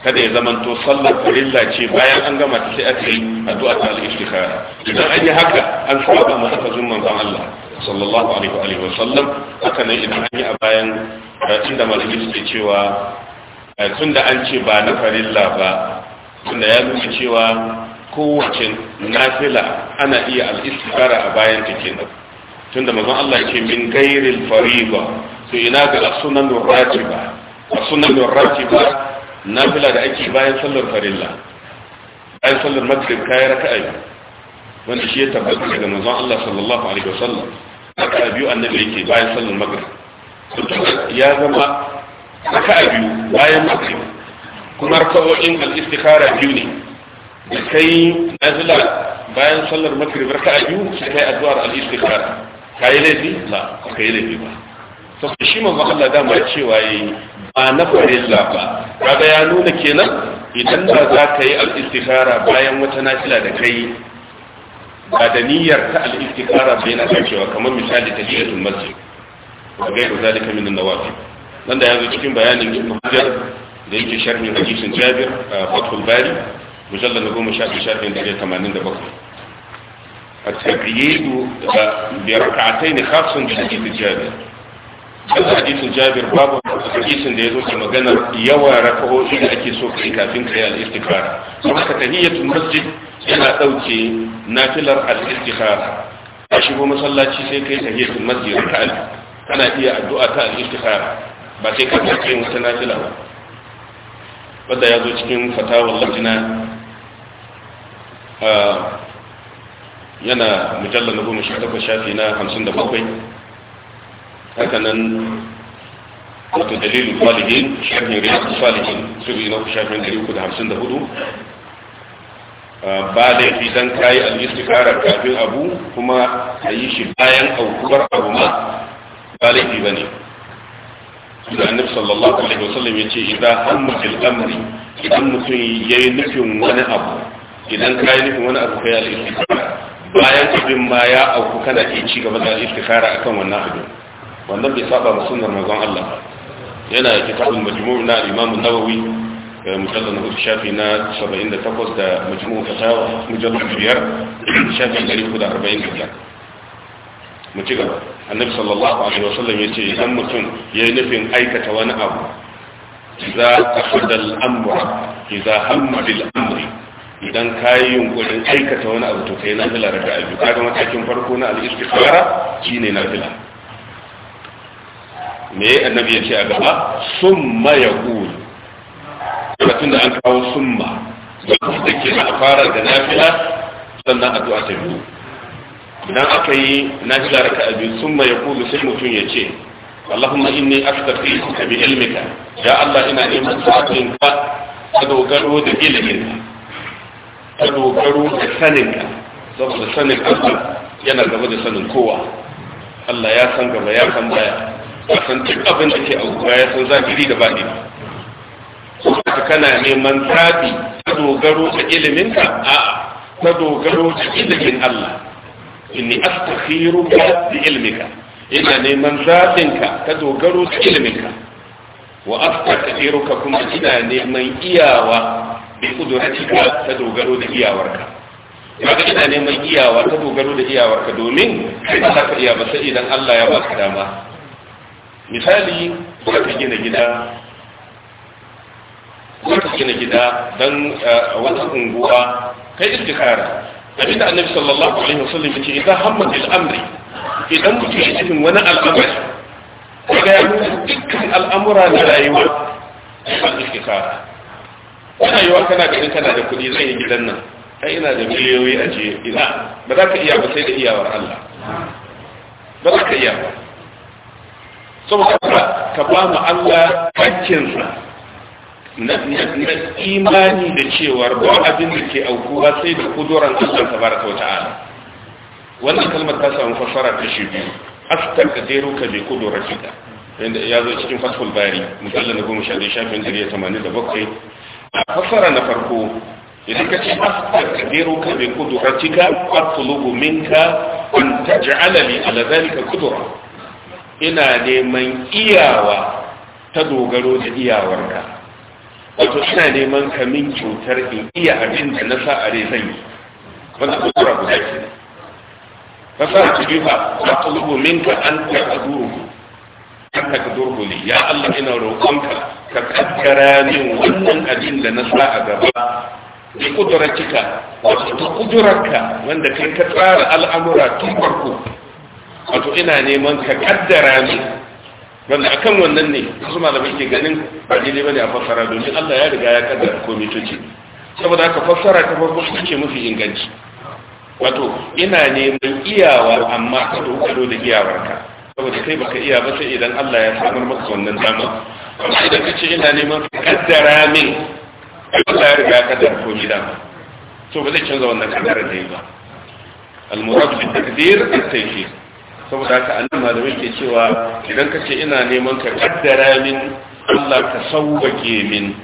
kada ya zamanto sallar farilla ce bayan an gama ta sai ake yi addu'a ta al-istikhara idan an yi haka an saba ma aka zumma ban Allah sallallahu alaihi wa alihi wa sallam haka ne idan an yi a bayan inda eh, malami suke cewa eh, tunda an ce ba na farilla ba tunda ya nuna cewa kowace nafila ana iya al-istikhara a bayan ta kenan tunda manzon Allah yake min gairil fariba to ina ga as-sunan ar-ratiba as-sunan ratiba nafila da ake bayan sallar farilla bayan sallar maghrib kai raka'a wanda shi ya tabbata daga manzon Allah sallallahu alaihi wasallam raka'a biyu annabi yake bayan sallar maghrib ya zama raka'a biyu bayan maghrib kuma raka'o'in al-istikhara biyu ne da kai nafila bayan sallar maghrib raka'a biyu sai kai addu'ar al-istikhara kai laifi la kai laifi ba saboda shi manzon Allah dama cewa yayi ba na farilla ba kaga ya nuna kenan idan ba za ka yi al-istikhara bayan wata nafila da kai ba da niyyar ta al-istikhara bai na kacewa kamar misali ta jiyatul masjid wa gairu zalika min an-nawafil nan da ya yazo cikin bayanin Ibn Hajar da yake sharhin hadisin Jabir a Fathul Bari mujallal 10 shafin 187 التبعيد بركعتين خاص بحديث جابر duk hadisin jabir babu hadisin da ya zo ke maganar yawan raka'o'i da ake so ka yi kafin ka kai al-istikhara don haka tahiyatul masjid yana dauke nafilar al-istikhara ka shigo masallaci sai kai tahiyatul masjid raka'a kana iya addu'a ta al-istikhara ba sai ka kai wata nafila ba wanda ya zo cikin fatawar lajina ah, yana mujallar na goma sha shafi na hamsin da bakwai hakanan wato dalilin salihin shafin riyadu salihin su biyu na shafin 354 ba da yafi don kayi al'istikarar kafin abu kuma a yi shi bayan aukuwar abu ma ba laifi ba ne da annab sallallahu alaihi wasallam ya ce idan hammatul amri idan mutum ya yi nufin wani abu idan kayi nufin wani abu ka kai al'istikarar bayan abin ma ya auku kana ke ci gaba da al'istikara akan wannan abin wannan bai saba ba sunan manzon Allah yana kitabul majmu' na Imam Nawawi eh, mujallar na shafi na 78 da majmu' fatawa mujallad biyar shafi 345 mu ci gaba annabi sallallahu alaihi wasallam ce idan mutum yayi nufin aikata wani abu za aqada al-amra idza hamma bil amri idan kayi yunkurin aikata wani abu to kai na fila raka'a biyu kaga matakin farko na al-istikhara ne na fila me annabi ya ce a gaba summa ya kuli lokacin da an kawo summa da ke a fara da nafila sannan addu'a ta biyu idan aka yi nafila raka abi summa ya kuli sai mutum ya ce Allahumma inni astaghfiruka bi ilmika ya Allah ina neman sa'atinka ka dogaro da iliminka ka dogaro da saninka saboda sanin Allah yana gaba da sanin kowa Allah ya san gaba ya san baya ya san duk abin da ke aukuwa ya san zahiri da baɗi ka kana neman zaɓi ta dogaro da iliminka a ta dogaro da ilimin Allah inni astakhiruka bi ilmika ina neman ka ta dogaro da iliminka wa astakhiruka kuma ina neman iyawa bi kuduratika ta dogaro da iyawarka kaga ina neman iyawa ta dogaro da iyawarka domin ba za ka iya ba sai idan Allah ya ba baka dama misali kuka ta gina gida kuka gina gida don eh, wata unguwa kai istikara abinda annabi sallallahu alaihi wasallam yace idan hammat al-amri idan mutum ya cikin wani al'amari kaga ya nuna dukkan al'amura na rayuwa kan istikara kana yawa kana ganin kana da kuɗi zan yi gidan nan ai ina da miliyoyi a ce ina ba za ka iya ba sai da iyawar Allah ba za ka iya ba saboda ka ba mu Allah hakkinsa na imani da cewar ba abin da ke aukuwa sai da kuduran Allah tabaraka wa ta'ala wannan kalmar ta samu fassara ta shi biyu astaqdiruka bi qudratika inda ya zo cikin fathul bari mujallal na goma sha shafin jiriya tamanin da bakwai a fassara na farko idan ka ce astaqdiruka bi qudratika atlubu minka an ta taj'ala li ala dhalika qudra ina neman iyawa ta dogaro da iyawarka wato ina neman kamin cutar in iya abin da na sa a rai zan yi wanda ku tura zai ne ka sa ku bi ba wa tulubu minka an taqduru an kaduru ne. ya Allah ina roƙonka ka kaddara min wannan abin da na sa a gaba kudura kika, wato ta kudurarka wanda kai ka tsara al'amura tun farko wato ina neman ka kaddara ne wanda kan wannan ne wasu malamai ke ganin ba ne bane a fassara domin Allah ya riga ya kaddara ko to ce saboda haka fassara ta farko su ke mafi inganci wato ina neman iyawa amma ka dogaro da ka. saboda kai baka iya ba sai idan Allah ya samar maka wannan dama amma idan ce ina neman ka kaddara min Allah ya riga ya kaddara komai dama to ba zai canza wannan kaddara da yi ba المراد بالتقدير التيسير saboda haka annan malamai ke cewa idan ka ce ina neman ka kaddara min Allah ka sauwake min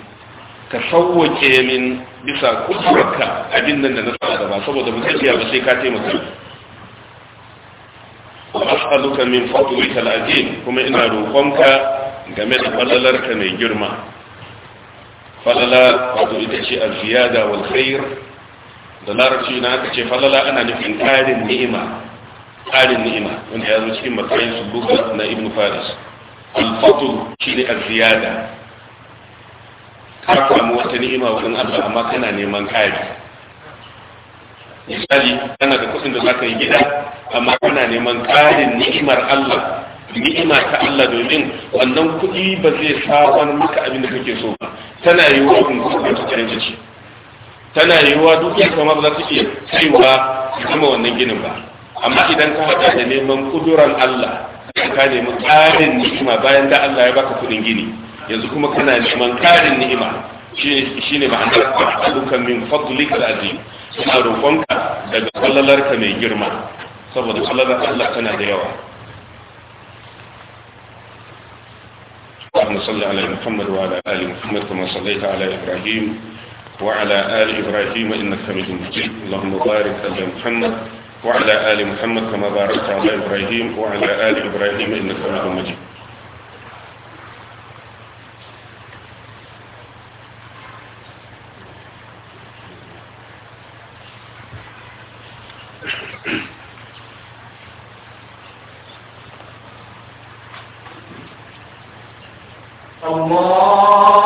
ka sauwake min bisa kusurka abin nan da na sa gaba saboda mu zai ba sai ka taimaka wa as'aluka min fadlika al-azim kuma ina roƙonka game da falalarka mai girma falala wato ita ce al-ziyada wal khair da larabci na aka ce falala ana nufin ƙarin ni'ima tsarin ni'ima wanda ya zo cikin matsayin suluka na ibn faris al shi ne az-ziyada ka wata ni'ima wajen Allah amma kana neman kari misali kana da kuɗin da za ka yi gida amma kana neman karin ni'imar Allah ni'ima ta Allah domin wannan kuɗi ba zai saban maka abin da kake so ba tana yiwuwa kun kuma ta karin ciki tana yiwuwa duk ya kama ba za ta iya kaiwa zama wannan ginin ba amma idan ka haɗa da neman kuduran Allah ka nemi ƙarin ni'ima bayan da Allah ya baka kuɗin gini yanzu kuma kana neman ƙarin ni'ima shi ne ma'anar alukan min fadlik azim kuma roƙonka daga kwallalarka mai girma saboda kwallalar Allah tana da yawa اللهم صل على محمد وعلى آل محمد كما صليت على إبراهيم وعلى Ali إبراهيم إنك حميد مجيد اللهم بارك على محمد وعلى آل محمد كما باركت على إبراهيم وعلى آل إبراهيم إنك حميد مجيد الله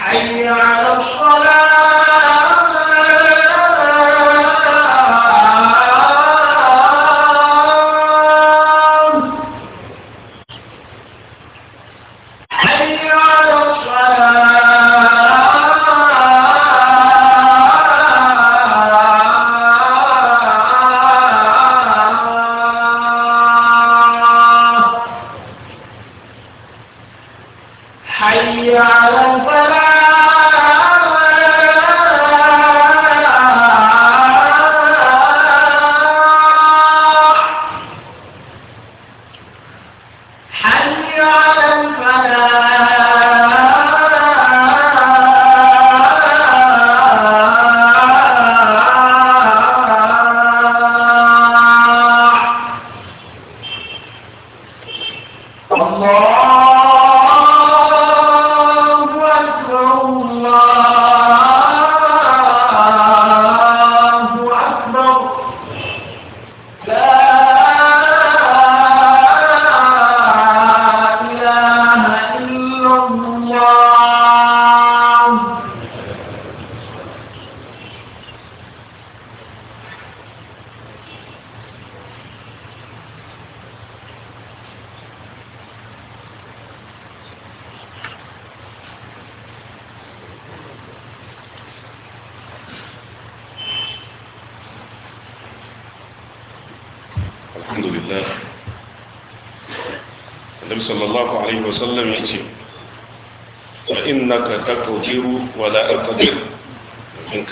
哎呀！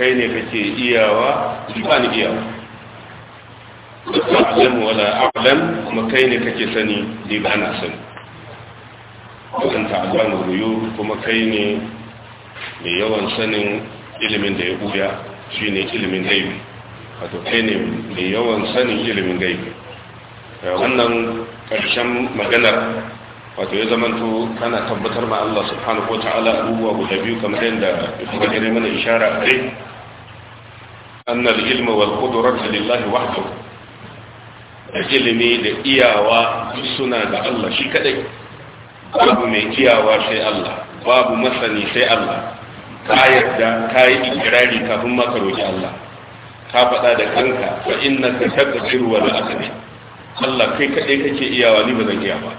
kai ne kake iyawa ba ni iyawa ba alamu wala alam kuma kai ne kake sani ni ba na sani wakan ta'alamu ruyu kuma kai ne mai yawan sanin ilimin da ya buya shi ne ilimin gaibi wato kai ne mai yawan sanin ilimin gaibi eh, wannan karshen maganar wato ya to kana tabbatar ma Allah subhanahu wa ta'ala abubuwa guda biyu kamar yadda ya kuma mana ishara a أن العلم والقدرة لله وحده ilimi da iyawa suna da Allah shi kadai babu mai iyawa sai Allah babu masani sai Allah ka yarda ka yi ikirari kafin maka roƙi Allah ka faɗa da kanka fa inna ka tabbatir wa la akbi Allah kai kadai kake iyawa ni ba zan iya ba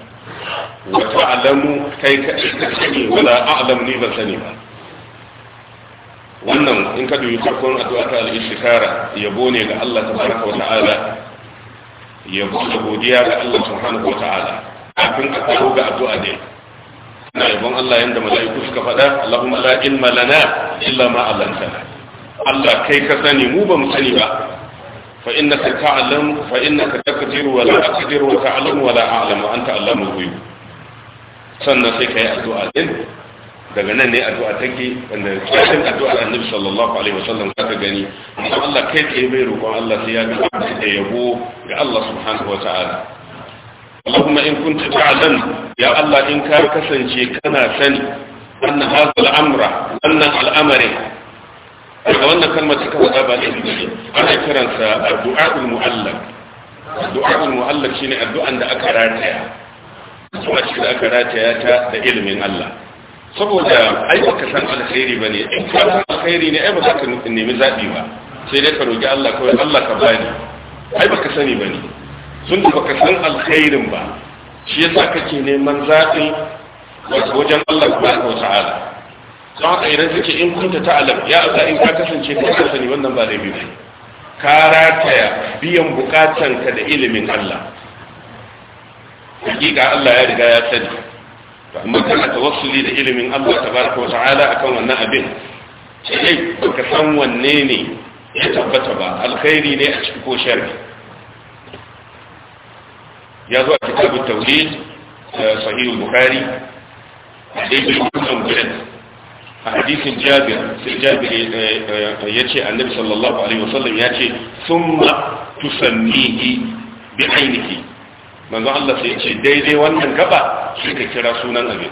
wa ta'lamu kai kadai kake wala a'lamu ni ba sani ba wannan in ka dubi farkon addu'a ta al-istikara yabo ne ga Allah tabaraka wa ta'ala yabo da godiya ga Allah subhanahu wa ta'ala kafin ka kawo ga addu'a dai ina yabon Allah yanda mala'iku suka faɗa Allahumma la ilma lana illa ma 'allamtana Allah kai ka sani mu ba mu sani ba fa innaka ta'lam fa innaka taqdiru wa la aqdiru wa ta'lamu wa la a'lamu anta allamul ghuyub sannan sai kai addu'a din daga nan ne addu'a take wanda cikin addu'ar annabi sallallahu alaihi wasallam ka gani kuma Allah kai tsaye bai roƙon Allah sai ya ga da yabo ga Allah subhanahu wataala Allahumma in kunta ta'lam ya Allah in ka kasance kana sani anna hadha al-amra anna al-amri daga wannan kalmar ta kawo ba ne ana kiransa addu'a'ul mu'allaq addu'a'ul mu'allaq shine addu'an da aka rataya kuma shi da aka rataya ta da ilimin Allah saboda ai baka san alkhairi bane in ka san alkhairi ne ai baka ka nemi zabi ba sai dai ka roki Allah kawai Allah ka bani ai baka sani bane sun da baka san alkhairin ba shi yasa kake neman zabin wajen Allah subhanahu ala. don haka idan suke in kunta alam ya aza in ka kasance ka sani wannan ba laifi ba ka rataya biyan bukatanka da ilimin Allah hakika Allah ya riga ya sani amma kana tawassuli da ilimin Allah tabaraka wa ta'ala akan wannan abin sai ka san wanne ne ya tabbata ba alkhairi ne a cikin ko sharri ya zo a kitabun tauhid eh, sahih bukhari dai bi kusan gudan a hadisin jabir sai jabir eh, yace annabi sallallahu alaihi wasallam yace summa tusannihi bi ainihi manzon Allah sai ce daidai wannan gaba shi ka kira sunan abin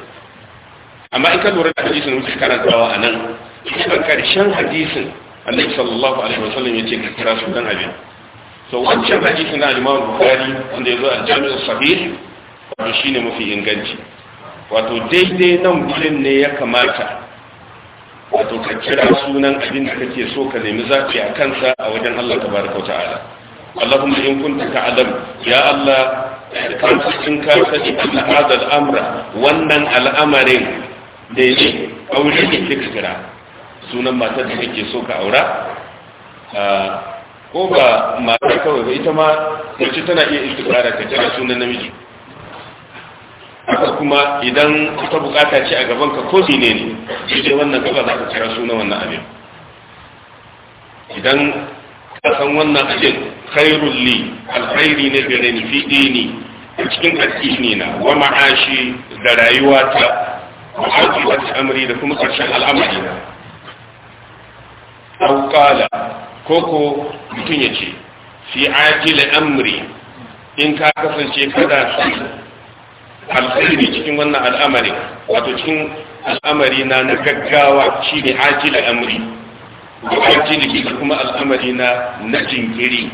amma in ka lura da hadisin wuce karantawa a nan cikin karshen hadisin annabi sallallahu alaihi wasallam ya ce ka kira sunan abin so wancan hadisin na al-Imam Bukhari wanda ya zo a Jami'u Sahih wato shine mafi inganci wato daidai nan gurin ne ya kamata wato ka kira sunan abin da kake so ka nemi zafi a kansa a wajen Allah tabaraka wa ta'ala Allahumma in kunta ta'lam ya Allah kamfacin kamfaci na hadal amra wannan al'amarin da yake aure ne kika kira sunan matar da kake so ka aura ah, ko ba matar kawai ba ita ma mace tana iya istikara ta kira sunan namiji haka kuma idan ta bukata ce a gaban ka ko ne ne shi wannan gaba za ka kira sunan wannan abin idan ka san wannan abin khairul li alkhairi ne gare ni fi dini cikin addini na wa ma'ashi da rayuwata wa aqibat al'amari da kuma karshen al'amari na aw qala koko mutun yace fi ajil al'amari in ka kasance kada alkhairi cikin wannan al'amari wato cikin al'amari na na gaggawa shine ajil amri wa ajil kuma al'amari na na jinkiri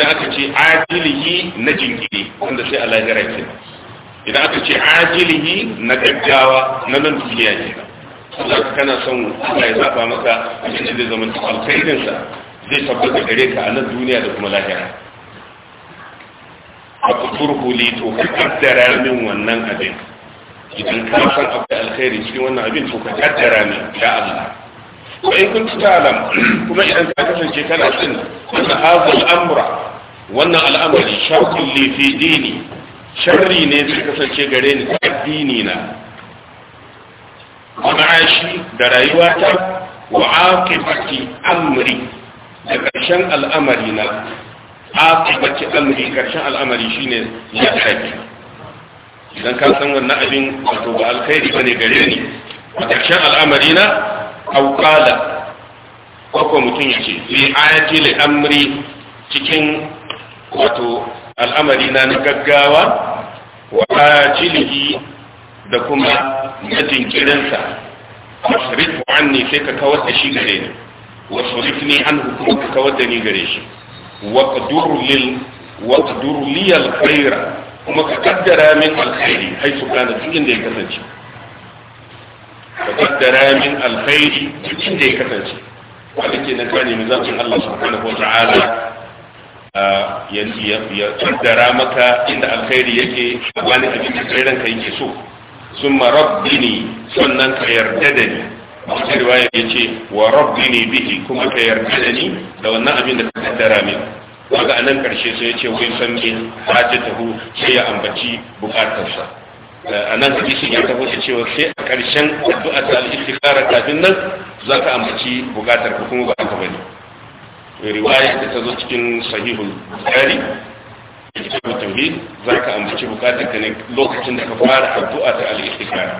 sai aka ce ajilihi na jinkiri wanda sai Allah ya rake idan aka ce ajilihi na gaggawa na nan duniya ne Allah kana son Allah ya zaba maka abin da zai zama alkhairin sa zai tabbata gare ka a nan duniya da kuma lahira a kuturhu li to kaddara min wannan abin idan ka san akwai alkhairi cikin wannan abin to ka kaddara min ya Allah wa in kunta ta'lam kuma idan ka kasance kana jin anna hadha al-amra wannan al'amari sharri li fi dini sharri ne zai kasance gare ni dini na wa ma'ashi da rayuwata wa aqibati amri da karshen al'amari na aqibati amri karshen al'amari shine ya haƙi idan ka san wannan abin wato ba alkhairi bane gare ni a karshen al'amari na aw qala ko mutum ya ce fi ayati li amri cikin wato al'amari na na gaggawa wa ajilihi da kuma na jinkirinsa an anni sai ka kawar da shi gare ni wa surifni an hukuma ka kawar da ni gare shi wa qaduru lil wa qaduru khaira kuma ka kaddara min alkhairi khairi hay cikin da ya kasance ka kaddara min alkhairi cikin da ya kasance wanda ke nan kane mai zafin Allah subhanahu wa ta'ala ya kaddara maka inda alkhairi yake wani abin da kai ranka yake so summa rabbini sannan ka yarda da ni wata riwaya ya ce wa rabbini bihi kuma ka yarda da ni da wannan abin da ka kaddara min kaga nan karshe sai ya ce wai san bi hajjatahu sai ya ambaci bukatarsa Eh, a nan hadisin ya taho shi cewa sai a ƙarshen addu'a ta al-istikhara kafin nan za ka ambaci bukatar ka kuma ba ka bane eh, riwaya da ta zo cikin sahihul bukhari kitabut tauhid za ka ambaci bukatar ka ne lokacin da ka fara addu'a ta al-istikhara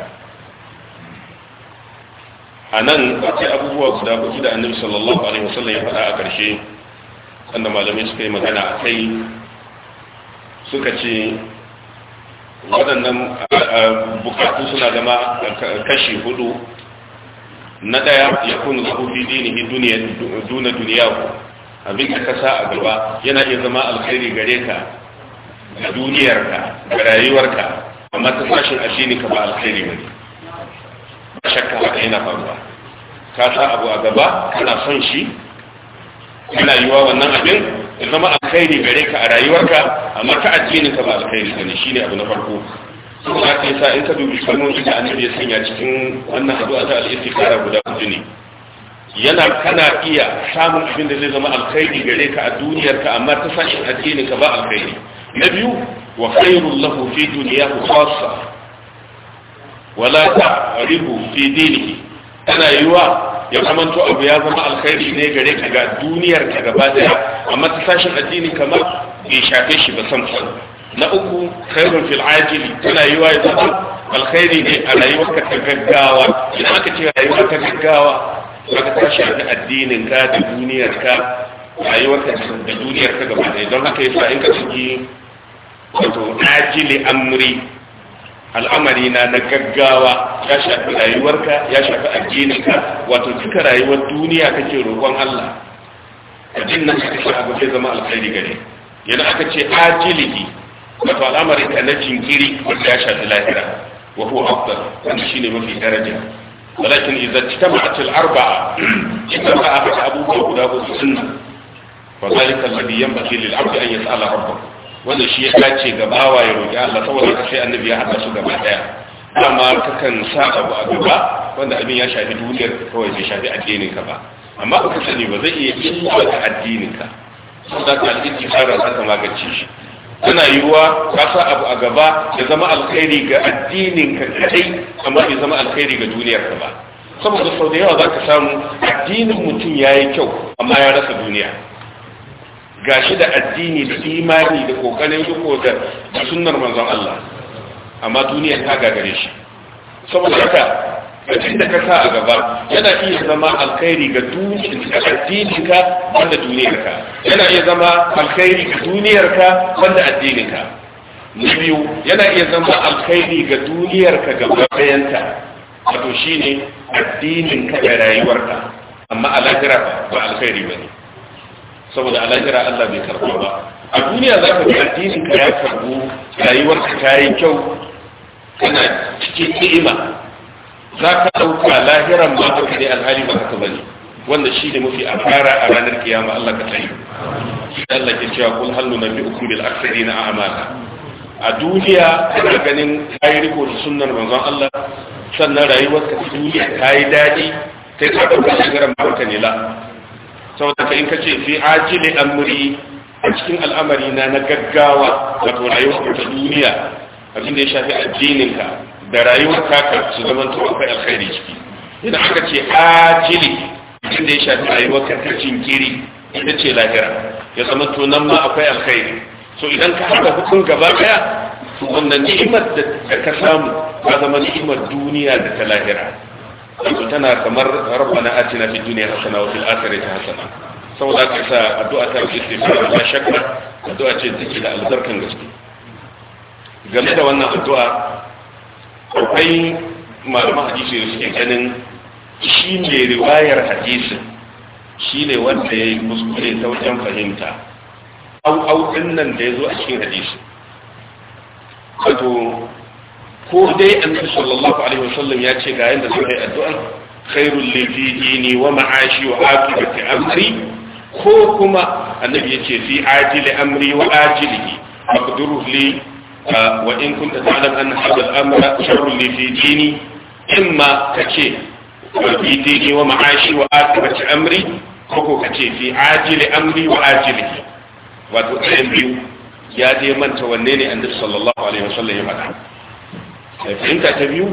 a nan akwai abubuwa guda hudu da annabi sallallahu alaihi wasallam ya faɗa a ƙarshe wanda malamai suka yi magana a kai suka ce waɗannan bukatu suna zama kashi hudu na ɗaya ya kunu zahufi dinihi duna duniya ku abin da ka sa a gaba yana iya zama alkhairi gare ka ga duniyarka ga rayuwarka amma ta sashin ashini ka ba alkhairi ba shakka haka yana faruwa ka sa abu a gaba kana son shi yana yiwa wannan abin zama alkhairi gare ka a rayuwarka amma ta addinin ka ba alkhairi bane shine abu na farko sun haka yasa in ka dubi kalmomin da annabi ya sanya cikin wannan addu'a ta al-istikhara guda hudu ne yana kana iya samun abin da zai zama alkhairi gare ka a duniyarka amma ta sa'in addinin ka ba alkhairi na biyu wa khairul lahu fi dunyahu khassa wala ta'ribu fi dinihi tana yiwa ya zamanto abu ya zama alkhairi ne gare ka ga duniyar ka gaba daya amma ta sashin addini kamar bai shafe shi ba sam sam na uku khairun fil ajili tana yiwa ya zama alkhairi ne a rayuwarka ta gaggawa idan aka ce rayuwar ta gaggawa aka ta shafi addinin ka da duniyar ka rayuwarka da duniyar ka gaba daya don haka yasa in ka ciki wato ajili amri al'amari na na gaggawa ya shafi rayuwarka ya shafi addininka wato duka rayuwar duniya kake roƙon Allah addinin nan kake shi abu sai zama alkhairi gare yana aka ce ajilihi wato al'amari ka na jinkiri wanda ya shafi lahira wa huwa afdal wanda shine mafi daraja walakin idza tajtama'at al-arba'a idan ka aka abubuwa guda uku sunna fa zalika alladhi yanbaghi lil-'abdi an yas'ala rabbahu wanda shi ya dace ga bawa ya roƙi Allah saboda haka sai annabi ya haɗa su gaba ɗaya amma kakan sa abu a gaba wanda abin ya shafi duniyar kawai bai shafi addinin ka ba amma ba ka sani ba zai iya illa da addinin ka sun da ka alƙi fara za ka magance shi kana yiwuwa ka sa abu a gaba ya zama alkhairi ga addinin ka kai amma bai zama alkhairi ga duniyar ka ba saboda sau da yawa za ka samu addinin mutum ya yi kyau amma ya rasa duniya gashi da addini da imani da kokarin duko da sunnar manzon Allah amma duniya ta gagare shi saboda haka abin da ka sa a gaba yana iya zama alkhairi ga duniyarka addininka wanda duniyarka yana iya zama alkhairi ga duniyarka wanda addininka na biyu yana iya zama alkhairi ga duniyarka ga bayanta wato shine addininka da rayuwarka amma a ba alkhairi bane saboda a alahira Allah bai karɓa ba a duniya za ka ga addinin ka ya karɓu rayuwarka ta yi kyau kana cikin ni'ima za ka ɗauka lahiran ma haka ne alhali ba haka bane wanda shi ne mafi afara a ranar kiyama Allah ka tsaye Allah ke cewa hannu na hallu nabiyukum bil aksarina a'mala a duniya kana ganin kayi riko da sunnar manzon Allah sannan rayuwarka ta duniya ta yi daɗi sai ka ɗauka shigaran maka ne la saboda ka in ka ce fi ajili amri a cikin al'amari na na gaggawa wato rayuwar ta duniya abin da ya shafi addininka da rayuwar ka su zama to akwai alkhairi ciki idan aka ce ajili abin da ya shafi rayuwar ka ta jinkiri ita ce lahira ya zama to nan ma akwai alkhairi so idan ka haɗa hukun gaba daya wannan ni'imar da ka samu ta zama ni'imar duniya da ta lahira tana kamar rabbana atina fi dunya hasana wa fil akhirati hasana saboda ka sa addu'a ta istighfar ba shakka addu'a ce take da albarkan gaske game da wannan addu'a akwai malaman hadisi da suke ganin shi ne riwayar hadisi shi ne wanda ya yi kuskure ta wajen fahimta au au nan da ya zo a cikin hadisi wato ko dai annabi sallallahu alaihi wasallam ya ce ga yanda suka yi addu'an khairul lidini wa ma'ashi wa aqibati amri ko kuma annabi ya ce fi ajili amri wa ajilihi aqdiru li uh, wa in kunta ta'lam anna hadha al-amra sharrun li fi dini imma kace fi dini wa ma'ashi wa aqibati amri ko ko kace fi ajili amri wa ajilihi wato biyu ya je manta wanne ne annabi sallallahu alaihi wasallam ya faɗa fahimta ta biyu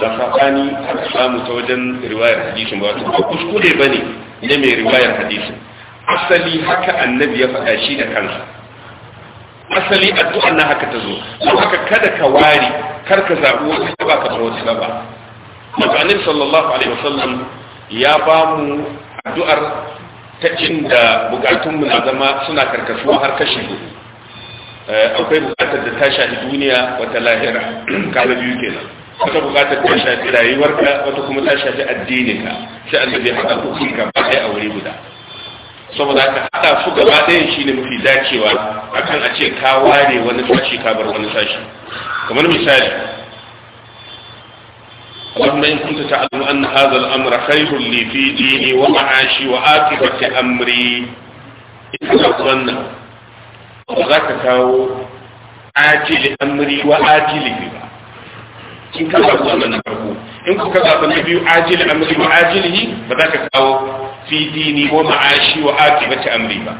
da faɗani ta wajen riwayar hadisin ba ba kuskure ba ne na mai riwayar hadisin asali haka annabi ya faɗa shi da kansa asali addu'ar na haka ta zo don haka kada ka ware kar ka zaɓi wata ba ka ba maka sallallahu alaihi wasallam ya ba mu addu'ar ta inda bukatunmu na zama suna karkasuwa har kashi hudu Eh, akwai bukatar da ta shafi duniya wata lahira kaga biyu kenan wata bukatar ta shafi rayuwarka wata kuma ta shafi addinika. sai annabi haɗa ku kika ba a wuri guda saboda haka haɗa su gaba ɗayan shine mafi dacewa akan a ce ka ware wani sashi ka bar wani sashi kamar misali اللهم إن كنت تعلم أن هذا الأمر خير لي wa ديني ومعاشي وآكبة أمري إذا ظنه ba za ka kawo ajili amri wa ajili ba Kin ka zaɓi wannan na farko in ku ka zaɓi na biyu ajili amri wa ajilihi ba za ka kawo fi dini ko ma'ashi wa akibati amri ba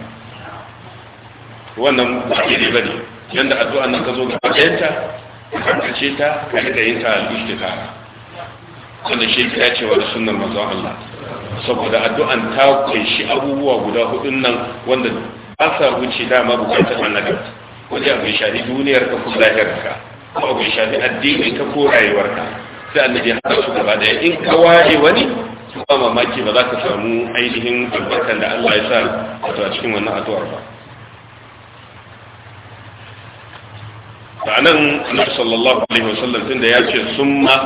wannan ba ne bane yanda addu'a nan ka zo ga fadanta karkace ta ka da yin ta al-istikhara sannan shi ya ce wa sunnar manzon Allah saboda addu'an ta kunshi abubuwa guda hudun nan wanda ba sa wuce dama bukatar annabin wani abu shafi duniyar ka ko lahirarka ko abu shafi addinin ka ko rayuwarka sai annabi ya haɗa su gaba daya in ka waye wani kuma mamaki ba za ka samu ainihin albarkar da Allah ya sa wato a cikin wannan addu'ar ba ranan annabi sallallahu alaihi wasallam tun da ya ce summa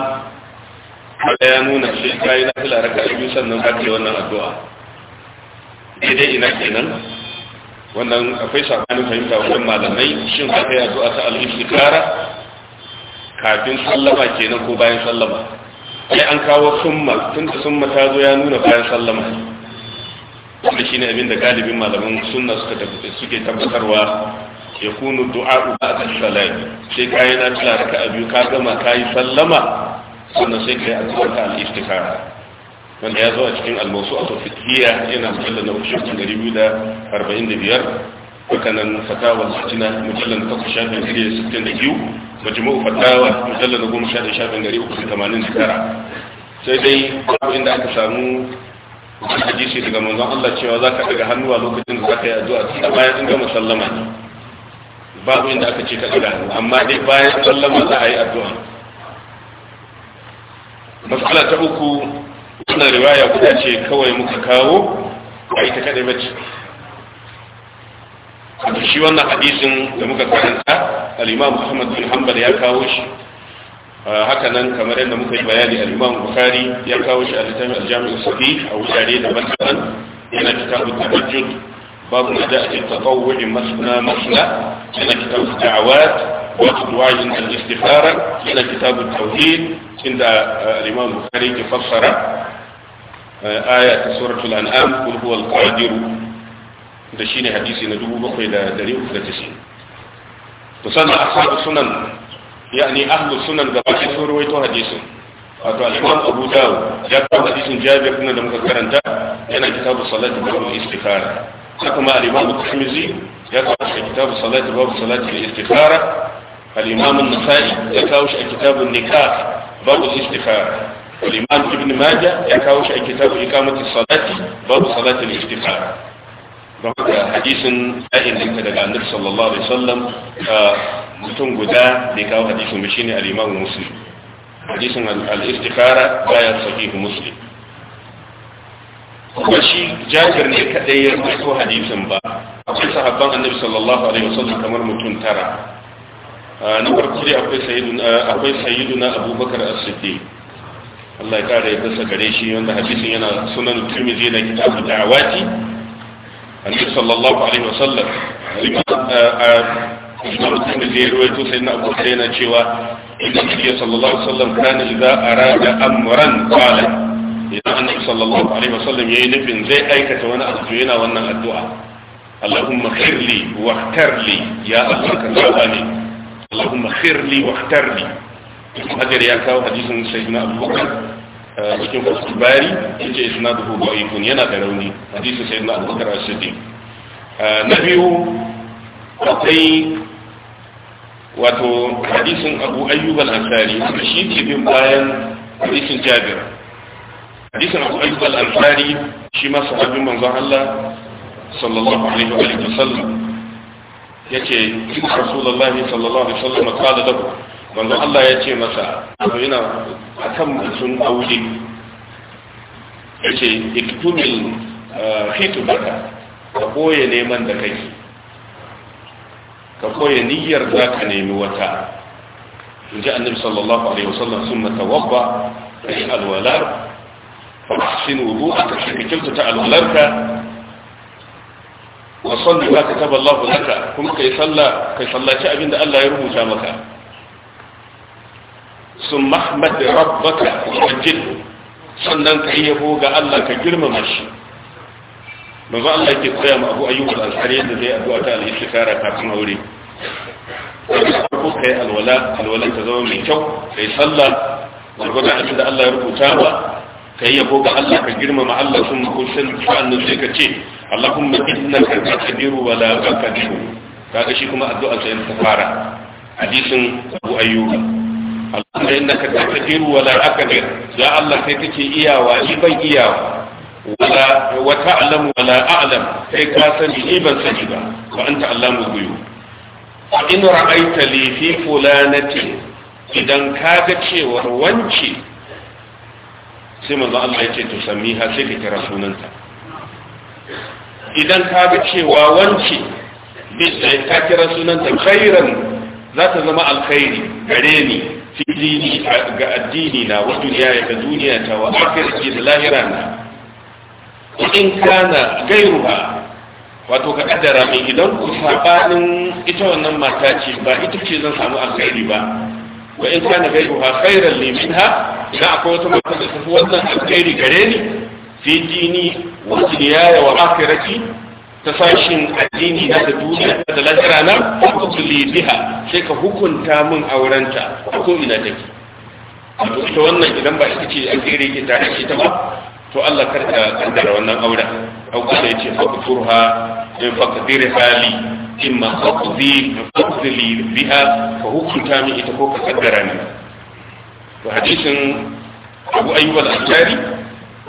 kada ya nuna shi kai na fila raka'a biyu sannan ka ce wannan addu'a daidai ina kenan wannan akwai sabanin fahimta wajen malamai shin ka yi addu'a ta al-istikara kafin sallama kenan ko bayan sallama sai an kawo summa tun da summa ta zo ya nuna bayan sallama wanda shine abin da galibin malaman sunna suka suke tabbatarwa ya kunu du'a ba'da salati sai kayi na tsara ka abu ka gama yi sallama sannan sai kai addu'a ta al-istikara wanda ya zo a cikin almasu a tafiya yana mujallar na kushin ɗari biyu da arba'in da biyar hakanan fatawa su sajina mujallar na takwas shafin ɗari da sittin da biyu majmu'u fatawa mujallar na goma sha ɗaya shafin ɗari uku da tamanin da tara sai dai babu inda aka samu hadisi daga manzon Allah cewa za ka daga hannuwa lokacin da za ka yi addu'a a bayan an gama sallama ne babu inda aka ce ka daga amma dai bayan sallama za a yi addu'a mas'ala ta uku suna riwaya guda ce kawai muka kawo a ita kadai bace wato shi wannan hadisin da muka karanta al-imam Muhammad Hanbal ya kawo shi haka nan kamar yadda muka yi bayani al bukari ya kawo shi a littafin al-Jami' a wurare daban-daban yana kitabu tahajjud babu da ake tatawwu'i masna masna yana kitabu da'awat والدعاء عند الاستخارة إلى كتاب inda عند bukari البخاري فسر آه، آية سورة الأنعام قل هو القادر دشين حديثي ندوب بقي إلى دريو فلتسين وصنع أصحاب السنن يعني أهل السنن قبل سورة ويتو حديثي أتو الإمام أبو داو يقول حديث جابر كنا لم تذكرن لأن كتاب الصلاة بقوم الاستخارة كما الإمام الترمزي يقول كتاب الصلاة بقوم الصلاة الاستخارة الإمام النسائي يقول كتاب النكاح بقوم الاستخارة الإمام ابن ماجه يكاوش أي كتاب إقامة الصلاة باب صلاة الاستفار حديث أهل لك دقاء النبي صلى الله عليه وسلم mutum guda da kawo hadisin ba shine al-Imam Muslim hadisin al-istikhara bayan sahih Muslim kuma shi Jabir kadai ya rubuto hadisin ba akwai sahabban Annabi sallallahu alaihi wasallam kamar mutum tara na farko akwai sayyiduna Abubakar as Allah ya kare gare shi wanda hadisin yana sunan Tirmidhi na kitabu da'awati Annabi sallallahu alaihi a Imam Tirmidhi sai na Abu cewa inna Nabi sallallahu alaihi wasallam kana idza arada amran qala idan Annabi sallallahu alaihi wasallam yayi nufin zai aikata wani abu yana wannan addu'a hajar ya kawo hadisin sayyidina abubakar eh, cikin fasul bari yace isnaduhu da'ifun yana da rauni hadisin sayyidina abubakar as-siddiq eh, na biyu akwai wato hadisin abu Ayyuban al-ansari shi ke bin bayan hadisin jabir hadisin abu Ayyuban al-ansari shi ma sahabin manzon Allah sallallahu alaihi wa sallam yace rasulullah sallallahu alaihi wa sallam qala lahu manzo Allah ya ce masa to ina akan mutum aure yace iktumil eh, khitbaka ka koye neman da kai ka koye niyyar za ka nemi wata in ji annabi sallallahu alaihi wasallam sun matawabba ka yi alwalar fahsin wudu a ka ta alwalarka? alwalarka wa sallu ka kataba Allah laka kuma kai sallah kai sallaci abinda Allah ya rubuta maka sun mahmad rabbaka wajidhu sannan ka yi yabo ga Allah ka girmama shi manzo Allah yake tsaya ma Abu Ayyub al-Ansari yadda zai addu'a ta al-istikhara kafin aure ko kai alwala alwala ta zama mai kyau kai sallah gurgurdan abin da Allah ya rubuta ba kai yabo ga Allah ka girmama Allah sun kusin sannan sai ka ce Allahumma innaka taqdiru wa la taqdiru kaga shi kuma addu'a sai ta fara hadisin Abu Ayyub al'amarin da ka tafiru wala akadir ya Allah ta kake iyawa ni ban iyawa wala wa ta'lamu wala a'lam Sai ka sani ni ban sani ba wa anta allamu ghuyub fa in ra'aita li fi fulanati idan ka ga cewa wance, sai manzo Allah ya ce to samiha sai ka kira sunanta idan ka ga cewa wanci bisa ka kira sunanta khairan za ta zama alkhairi gare ni fi dini ga addini na wa duniya ga duniya ta wa akhirati da lahira na in kana gairuha wato ka kaddara mai idan ku sabanin ita wannan mata ce ba ita ce zan samu alkhairi ba wa in kana gairuha khairan limin ha, na akwai wata mata da tafi wannan alkhairi gare ni fi dini wa duniya wa akhirati tafashin addini na da duniya da lantara na hukuli biha sai ka hukunta min aurenta ko ina take to ita wannan idan ba shi ce gere ki ta shi ta ba to Allah kar ka kaddara wannan aure au kuma yace faqturha in kadir hali imma faqdi qadli biha ka hukunta min ita ko ka kaddara ni to hadisin Abu Ayyub al-Ansari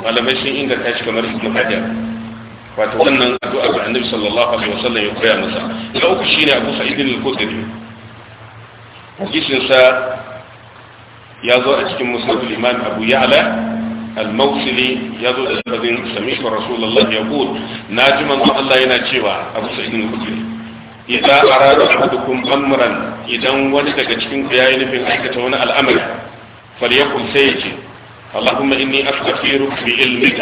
malamai sun inganta shi kamar Ibn Hajar wato wannan addu'a da annabi sallallahu alaihi wasallam ya koya masa na uku shine abu sa'idin al-khudri hadisin sa ya zo a cikin musnad al-imam abu ya'la al-mawsili ya zo da sabin sami'tu rasulullah yaqul najiman Allah yana cewa abu sa'idin al-khudri idan arada ahadukum amran idan wani daga cikin ku yayi nufin aikata wani al'amari falyakun sai yace اللهم إني أستغفرك بعلمك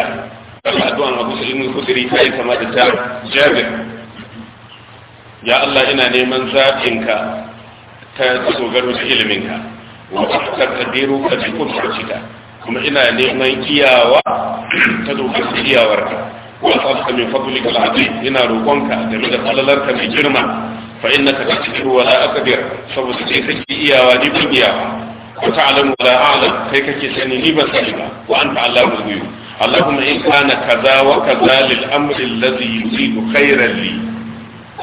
addu'an abu salimin kudiri ta yi sama da ta jabir ya Allah ina neman zaɓinka ta dogaro da iliminka wa afkar kadiru ka cikin kudurcika kuma ina neman iyawa ta dogaro da iyawarka wa afkar min fadlika al'azim ina roƙonka game da falalarka mai girma fa innaka cikin ruwa la aqdir saboda sai kake iyawa ni ban iyawa ko ta'lamu wa la a'lam kai kake sani ni ban sani ba wa anta allahu ghuyub اللهم إن كان كذا وكذا للأمر الذي يريد خيرا لي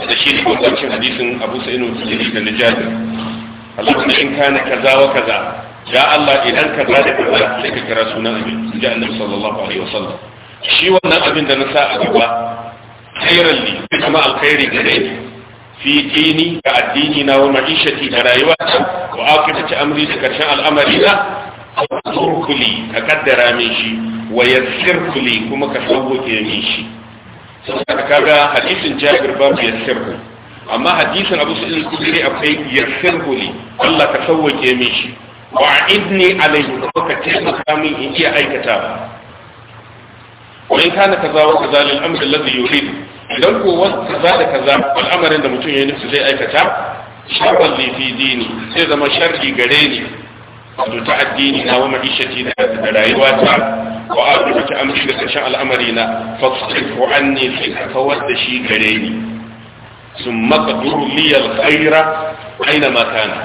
هذا شيء يقول حديث أبو سعيد الخدري لجابر اللهم إن كان كذا وكذا يا الله إذا كذا لكذا لك كرا سنة جاء النبي صلى الله عليه وسلم شيء وانا أبن دنسا أبوا خيرا لي كما الخير لديك في ديني كأديننا ومعيشتي كرايواتا وآقبة أمري لكرشاء الأمر لا أو تركلي تقدر من شيء wa yassirhu kuma ka sauke min shi saboda kaga hadisin Jabir babu yassirhu amma hadisin Abu Sa'id al-Khudri akwai yassirhu li Allah ka sauke min shi wa idni alayhi ka taimaka min in iya aikata ba. wa in kana kaza wa kaza lil amr alladhi yurid idan ko wa kaza da kaza al'amarin da mutum ya yi nufi zai aikata sharri fi dini sai zama sharri gare ni wato ta addini na wa ma'ishati da rayuwa ta wa azumaki amri da kashin al'amari na fasrifu ne sai ka kawar da shi gare ni sun maka durliyar khaira aina makana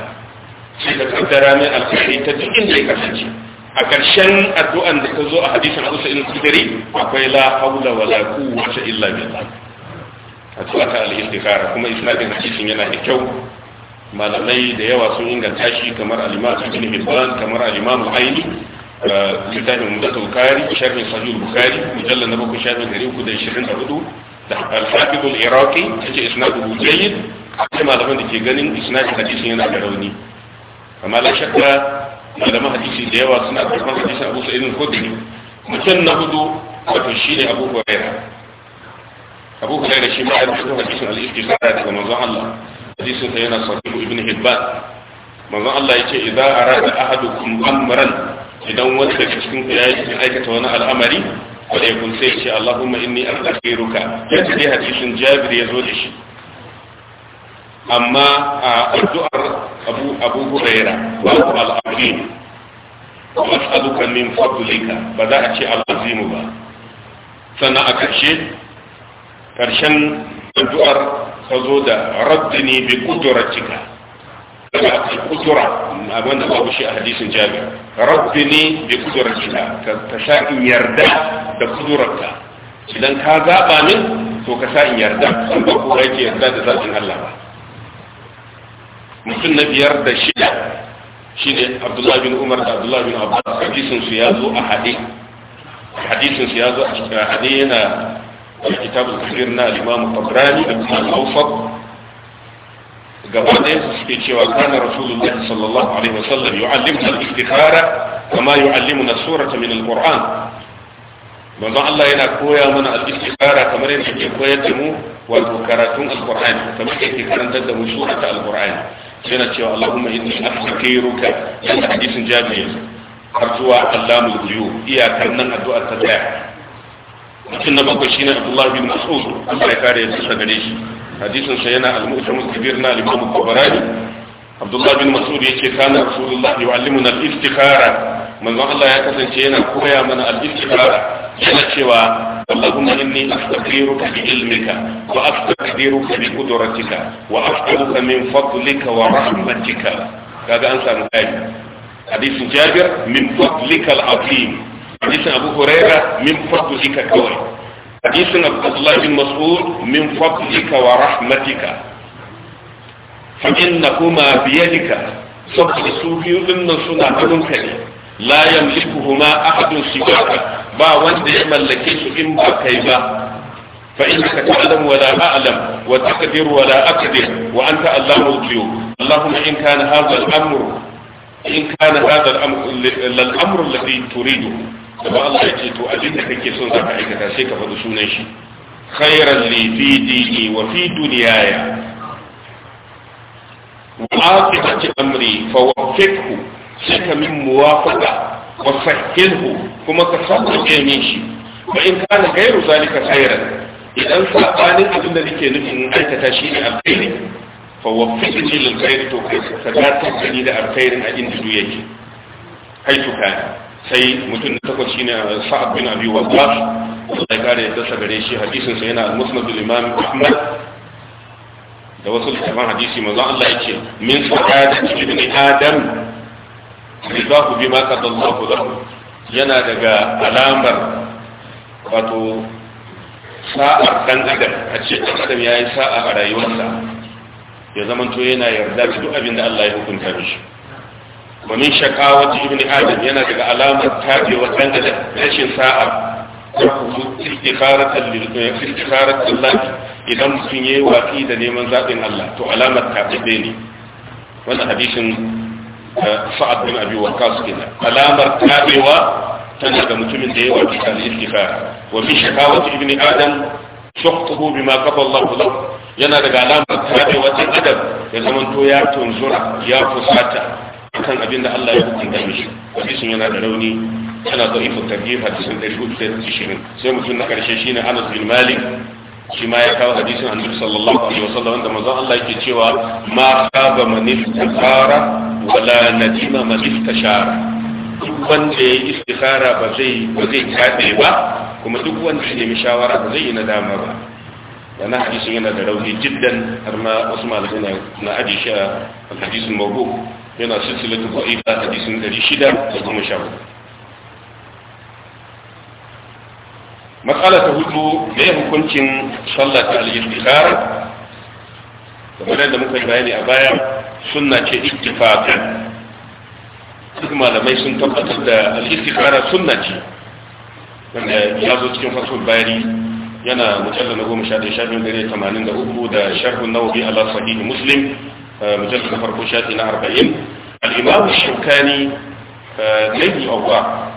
sai ka kaddara mai alkhairi ta duk inda ya kasance a ƙarshen addu'an da ta zo a hadisin Hausa Sa'id al-Khudri akwai la haula wala quwwata illa A addu'a ta al-istikhara kuma isnadin hadisin yana da kyau malamai da yawa sun inganta shi kamar al-Imam Ibn Hibban kamar al-Imam aini littafin mudatul bukari sharhin sahih bukari mujallal na bakwai shafin 324 da al-hafiz al-iraqi yace isnaduhu jayyid akwai malaman da ke ganin isnadin hadisin yana da rauni amma la shakka malaman hadisi da yawa suna karban hadisin Abu Sa'id al-Khudri mutum na hudu wato shine Abu Hurairah Abu Hurairah shi ma ya rubuta hadisin al-Istisqa daga manzon Allah hadisin sa yana sahih Ibn Hibban manzon Allah yace idza arada ahadukum amran idan wani daga cikin ku ya aikata wani al'amari wanda ya kun sai ce Allahumma inni astaghfiruka ya ce dai hadisin Jabir ya zo da shi amma a addu'ar Abu Abu Huraira wa al-Azim mas'aluka min fadlika ba za a ce al-Azim ba sannan a karshe karshen addu'ar ta zo da raddini bi qudratika tana al-qudra babu shi a hadisin Jami. rabbi ne ni bi qudratika ka sa in yarda da qudratka idan ka zaba min to ka sa in yarda an ba kowa yake yarda da zaɓin Allah ba mutum na biyar da shida ne Abdullah bin Umar da Abdullah bin Abbas hadisin su ya zo a haɗe. hadisin su ya zo a haɗe yana kitabul kabir na al-Imam Tabrani da Imam Awsat gaba ɗaya su suke cewa kana rasulullahi sallallahu alaihi wasallam yu'allimuna al-istikhara kama yu'allimuna surata min al-qur'an manzon Allah yana koya mana al-istikhara kamar yadda yake koyar da mu wato karatun al-qur'ani kamar yadda yake karantar da mu surata al-qur'ani yana cewa Allahumma inni astaghfiruka yana hadisin jami'i har zuwa Allahul ghuyub iyakar nan addu'ar ta tsaya mutum na bakwai shine Abdullah bin Mas'ud Allah ya kare ya tsaka shi حديث شينا المؤتم كبيرنا الإمام الكبراني عبد الله بن مسعود يكي كان رسول الله يعلمنا الافتخار من الله يكسن شينا كويا من الافتخار يلا شوا اللهم إني أستقدرك بعلمك وأستقدرك بقدرتك وأشكرك من فضلك ورحمتك هذا أنسى مكاية حديث جابر من فضلك العظيم حديث أبو هريرة من فضلك كويس حديث عبد الله بن مسعود من فضلك ورحمتك فإنكما بيدك saboda su biyu dinnan suna hannunka ne la yamlikuhuma ahadun siwaka ba wanda ya mallake su in ba kai ba fa innaka ta'lamu wa la a'lam wa taqdir wa la aqdir wa anta allahu al-ghuyub allahumma in kana hadha al-amru in kana hadha al-amru lil-amru alladhi turidu da Allah ya ce to abin da kake son za ka aikata sai ka faɗi sunan shi khairan li fi dini wa fi dunyaya wa aqibati amri fa waffiqhu sai ka min muwafaqa wa sahhilhu kuma ka sauke min shi in kana gairu zalika khairan idan sabanin abin da nake nufin aikata shi ne alkhairi fa to da alkhairin a inda sai mutum na takwas shine sa'ad bin abi waqqas sai kare da sa gare shi hadisin sa yana musnad al-imam ahmad da wasu littafan hadisi manzo Allah yake min sa'adati ibn adam ridahu bima qada Allah lahu yana daga alamar wato sa'ar dan adam a ce dan adam yayi sa'a a rayuwarsa ya zamanto yana yarda da duk abin da Allah ya hukunta shi wa min shaqawati ibn adam yana daga alamar tabewa dan adam rashin sa'a Kuma istikharatan lil eh, istikharatan Allah idan mutum yayi wafi da neman zabin Allah to alamar tabe ne wannan hadisin eh, sa'ad bin abi waqas kenan alamar tabewa tana ga mutumin da yayi wafi da istikhar wa min shaqawati ibn adam shuqtuhu bima qada Allah lahu yana daga alamar tabewa dan adam ya zamanto ya tunzura ya fusata akan abin da Allah ya hukunta mishi hadisin yana da rauni yana da ifin tarjih hadisin 320 sai mutum na karshe shine Anas bin Malik shi ma ya kawo hadisin annabi sallallahu alaihi wasallam wanda manzon Allah yake cewa ma khaba man istikhara wala nadima man istashara duk wanda ya yi istikhara ba zai ba zai kaɗe ba kuma duk wanda ya nemi shawara ba zai yi nadama ba wannan hadisin yana da rauni jiddan har ma wasu malamai na aji shi a hadisin mawdu yana silsilatu ba'ifa hadisin 614 matsala ta hudu da ya hukuncin sallar al-istikhara kamar da muka yi bayani a baya sunna ce ittifaqan duk malamai sun tabbatar da al-istikhara sunna ce wanda ya zo cikin fasul bayani yana mujallal na 11 shafin 183 da sharh an-nawawi ala sahih muslim آه، مجلد مربوشات الأربعين الإمام الشوكاني ليدي الله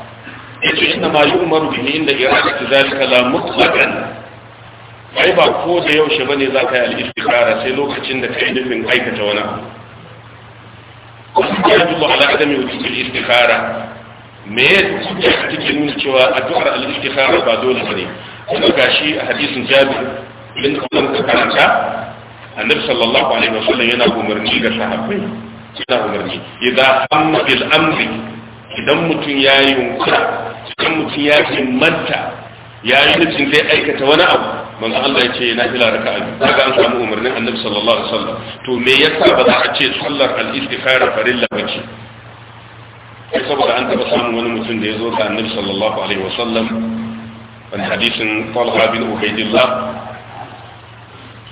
يجي إنما يؤمر به إن إرادة ذلك لا مطلقا عبا قوز يوشبني ذاك الإستقارة سيلوك تندك إحدث من قيكة ونا قلت يا جبه على عدم وجود الإستقارة ميت كنت تجي من شواء أدوار الإستقارة بعدول بني كنت أكاشي حديث جابر من قبل أن تكرمتها annabi sallallahu alaihi wasallam yana umarni ga sahabbai yana umarni idan amma bil amri idan mutum ya yi yunkura idan mutum ya manta ya nufin zai aikata wani abu manzo Allah ya ce na ila raka'a kaga an samu umarnin annabi sallallahu alaihi wasallam to me yasa ba za a ce sallar al-istikhara farilla bace sai saboda an taba samun wani mutum da ya zo ga annabi sallallahu alaihi wasallam wani hadisin Talha bin Ubaydillah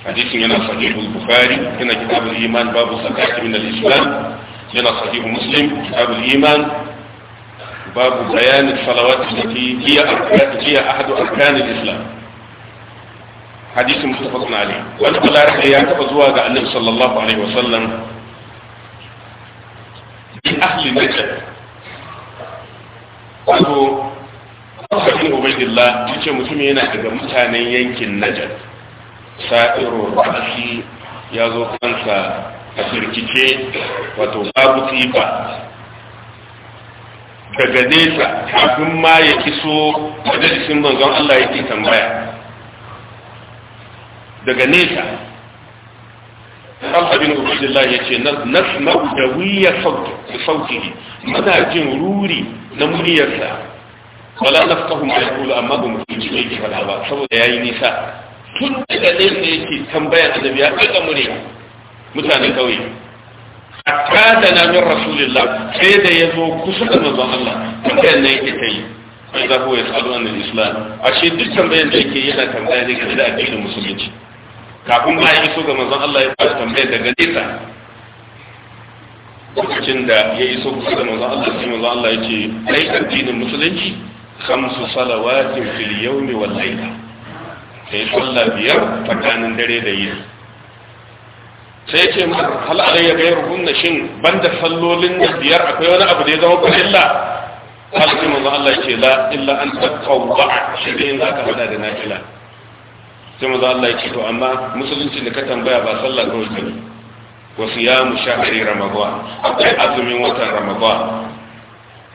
حديث من صحيح البخاري هنا كتاب الإيمان باب الزكاة من الإسلام هنا صحيح مسلم كتاب الإيمان باب بيان الصلوات التي هي هي أحد أركان الإسلام حديث متفق عليه وأنا قال رح يعتبر زواج النبي صلى الله عليه وسلم من أهل النجف قالوا أصحابه عبيد الله يجي مسلمين عند متانين كالنجف sa'iro ra'asi ya zo kansa a firkice wato babu tsifa daga nesa abin ma ya kiso majalisin manzon Allah yake tambaya daga nesa Abin Ubaidullah ya ce, "Nasma'u da wuyar sauki, mana jin ruri na muryarsa, wala nafkahun mai kula amma ba mutum ji ne ke faɗa ba, saboda ya yi nisa, tun daga nesa yake tambayar annabi ya ɗaga murya mutane kawai A kada na min rasulillah sai da ya zo kusa da mazan Allah tambayar nan yake ta yi mai za wa ya sa'adu an islam shi duk tambayar da yake yana tambaya ne game da addinin musulunci kafin ma ya iso ga mazan Allah ya fara tambayar daga nesa lokacin da ya iso kusa da mazan Allah sai mazan Allah ya ce ai addinin musulunci kamsu salawatin fil yawmi wal layla ta yi sallah biyar tsakanin dare da yini sai ce ma hal alayya gairu hunna shin banda sallolin da biyar akwai wani abu da ya zama kulilla halki manzo Allah ce la illa an tatawwa shi ne zaka hada da nafila sai manzo Allah ya ce to amma musulunci da ka tambaya ba sallah kawai ba wa siyamu shahri ramadan akwai azumin watan ramadan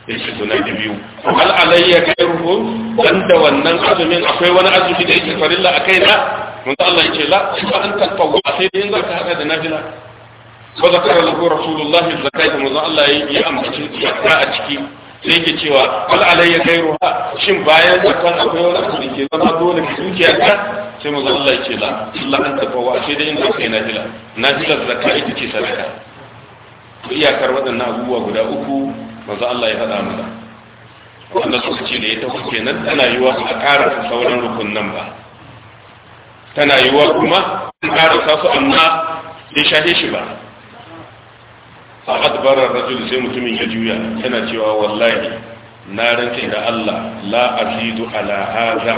ya ce suna da biyu hal alayya kai ruhu dan da wannan azumin akwai wani azumi da yake farilla a kaina mun Allah ya ce la ba an tafawu sai dai zaka hada da nafila wa kare lahu rasulullahi zakata mun Allah ya ambaci zakka a ciki sai yake cewa hal alayya kai ruha shin bayan zakka akwai wani azumi ke zama dole ki dukiya ka sai mun Allah ya ce la la an tafawu sai dai zaka yi nafila nafila zakka ita ce sadaka iyakar waɗannan abubuwa guda uku manzo Allah ya faɗa mana wannan suka ce da ya kuke nan tana yiwa ba a ƙara sauran rukunnan ba tana yiwa kuma an ƙara su amma ya shahe shi ba a adbarar rajul sai mutumin ya juya yana cewa wallahi na rantsa da Allah la azidu ala hadha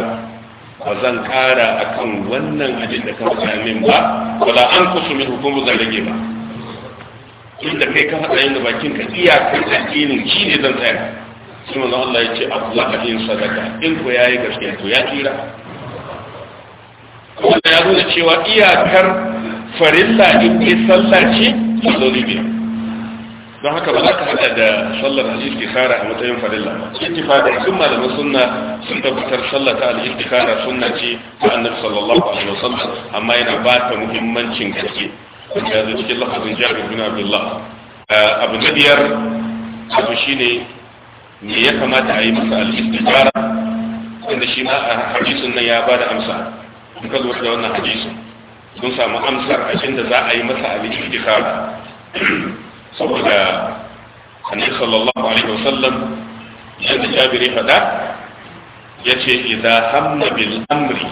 ba zan ƙara akan wannan abin da ka faɗa ba wala an kusu min hukumu zan rage ba inda kai ka haɗa yin da bakin ka iyakar addinin shi ne zan tsaya sai manzo Allah ya ce abuwa a yin sadaka in ko yayi gaske, to ya tsira wanda ya nuna cewa iyakar farilla in ke sallah ce salloli biyar don haka ba za ka haɗa da sallar al-istikhara a matsayin farilla ittifaqan sun malaman sunna sun tabbatar sallar ta al-istikhara sunna ce ta annabi sallallahu alaihi wasallam amma yana ba ta muhimmancin gaske ya zo cikin lafazin jabir bin abdullah eh, abu na biyar abu ne, me ya kamata a yi masa al-istijara wanda shi ma a hadisin nan ya ba da amsa in ka lura da wannan hadisin sun samu amsar a da za a yi masa al-istijara saboda annabi sallallahu alaihi wasallam yadda jabiri fada ya ce idan hamna bil amri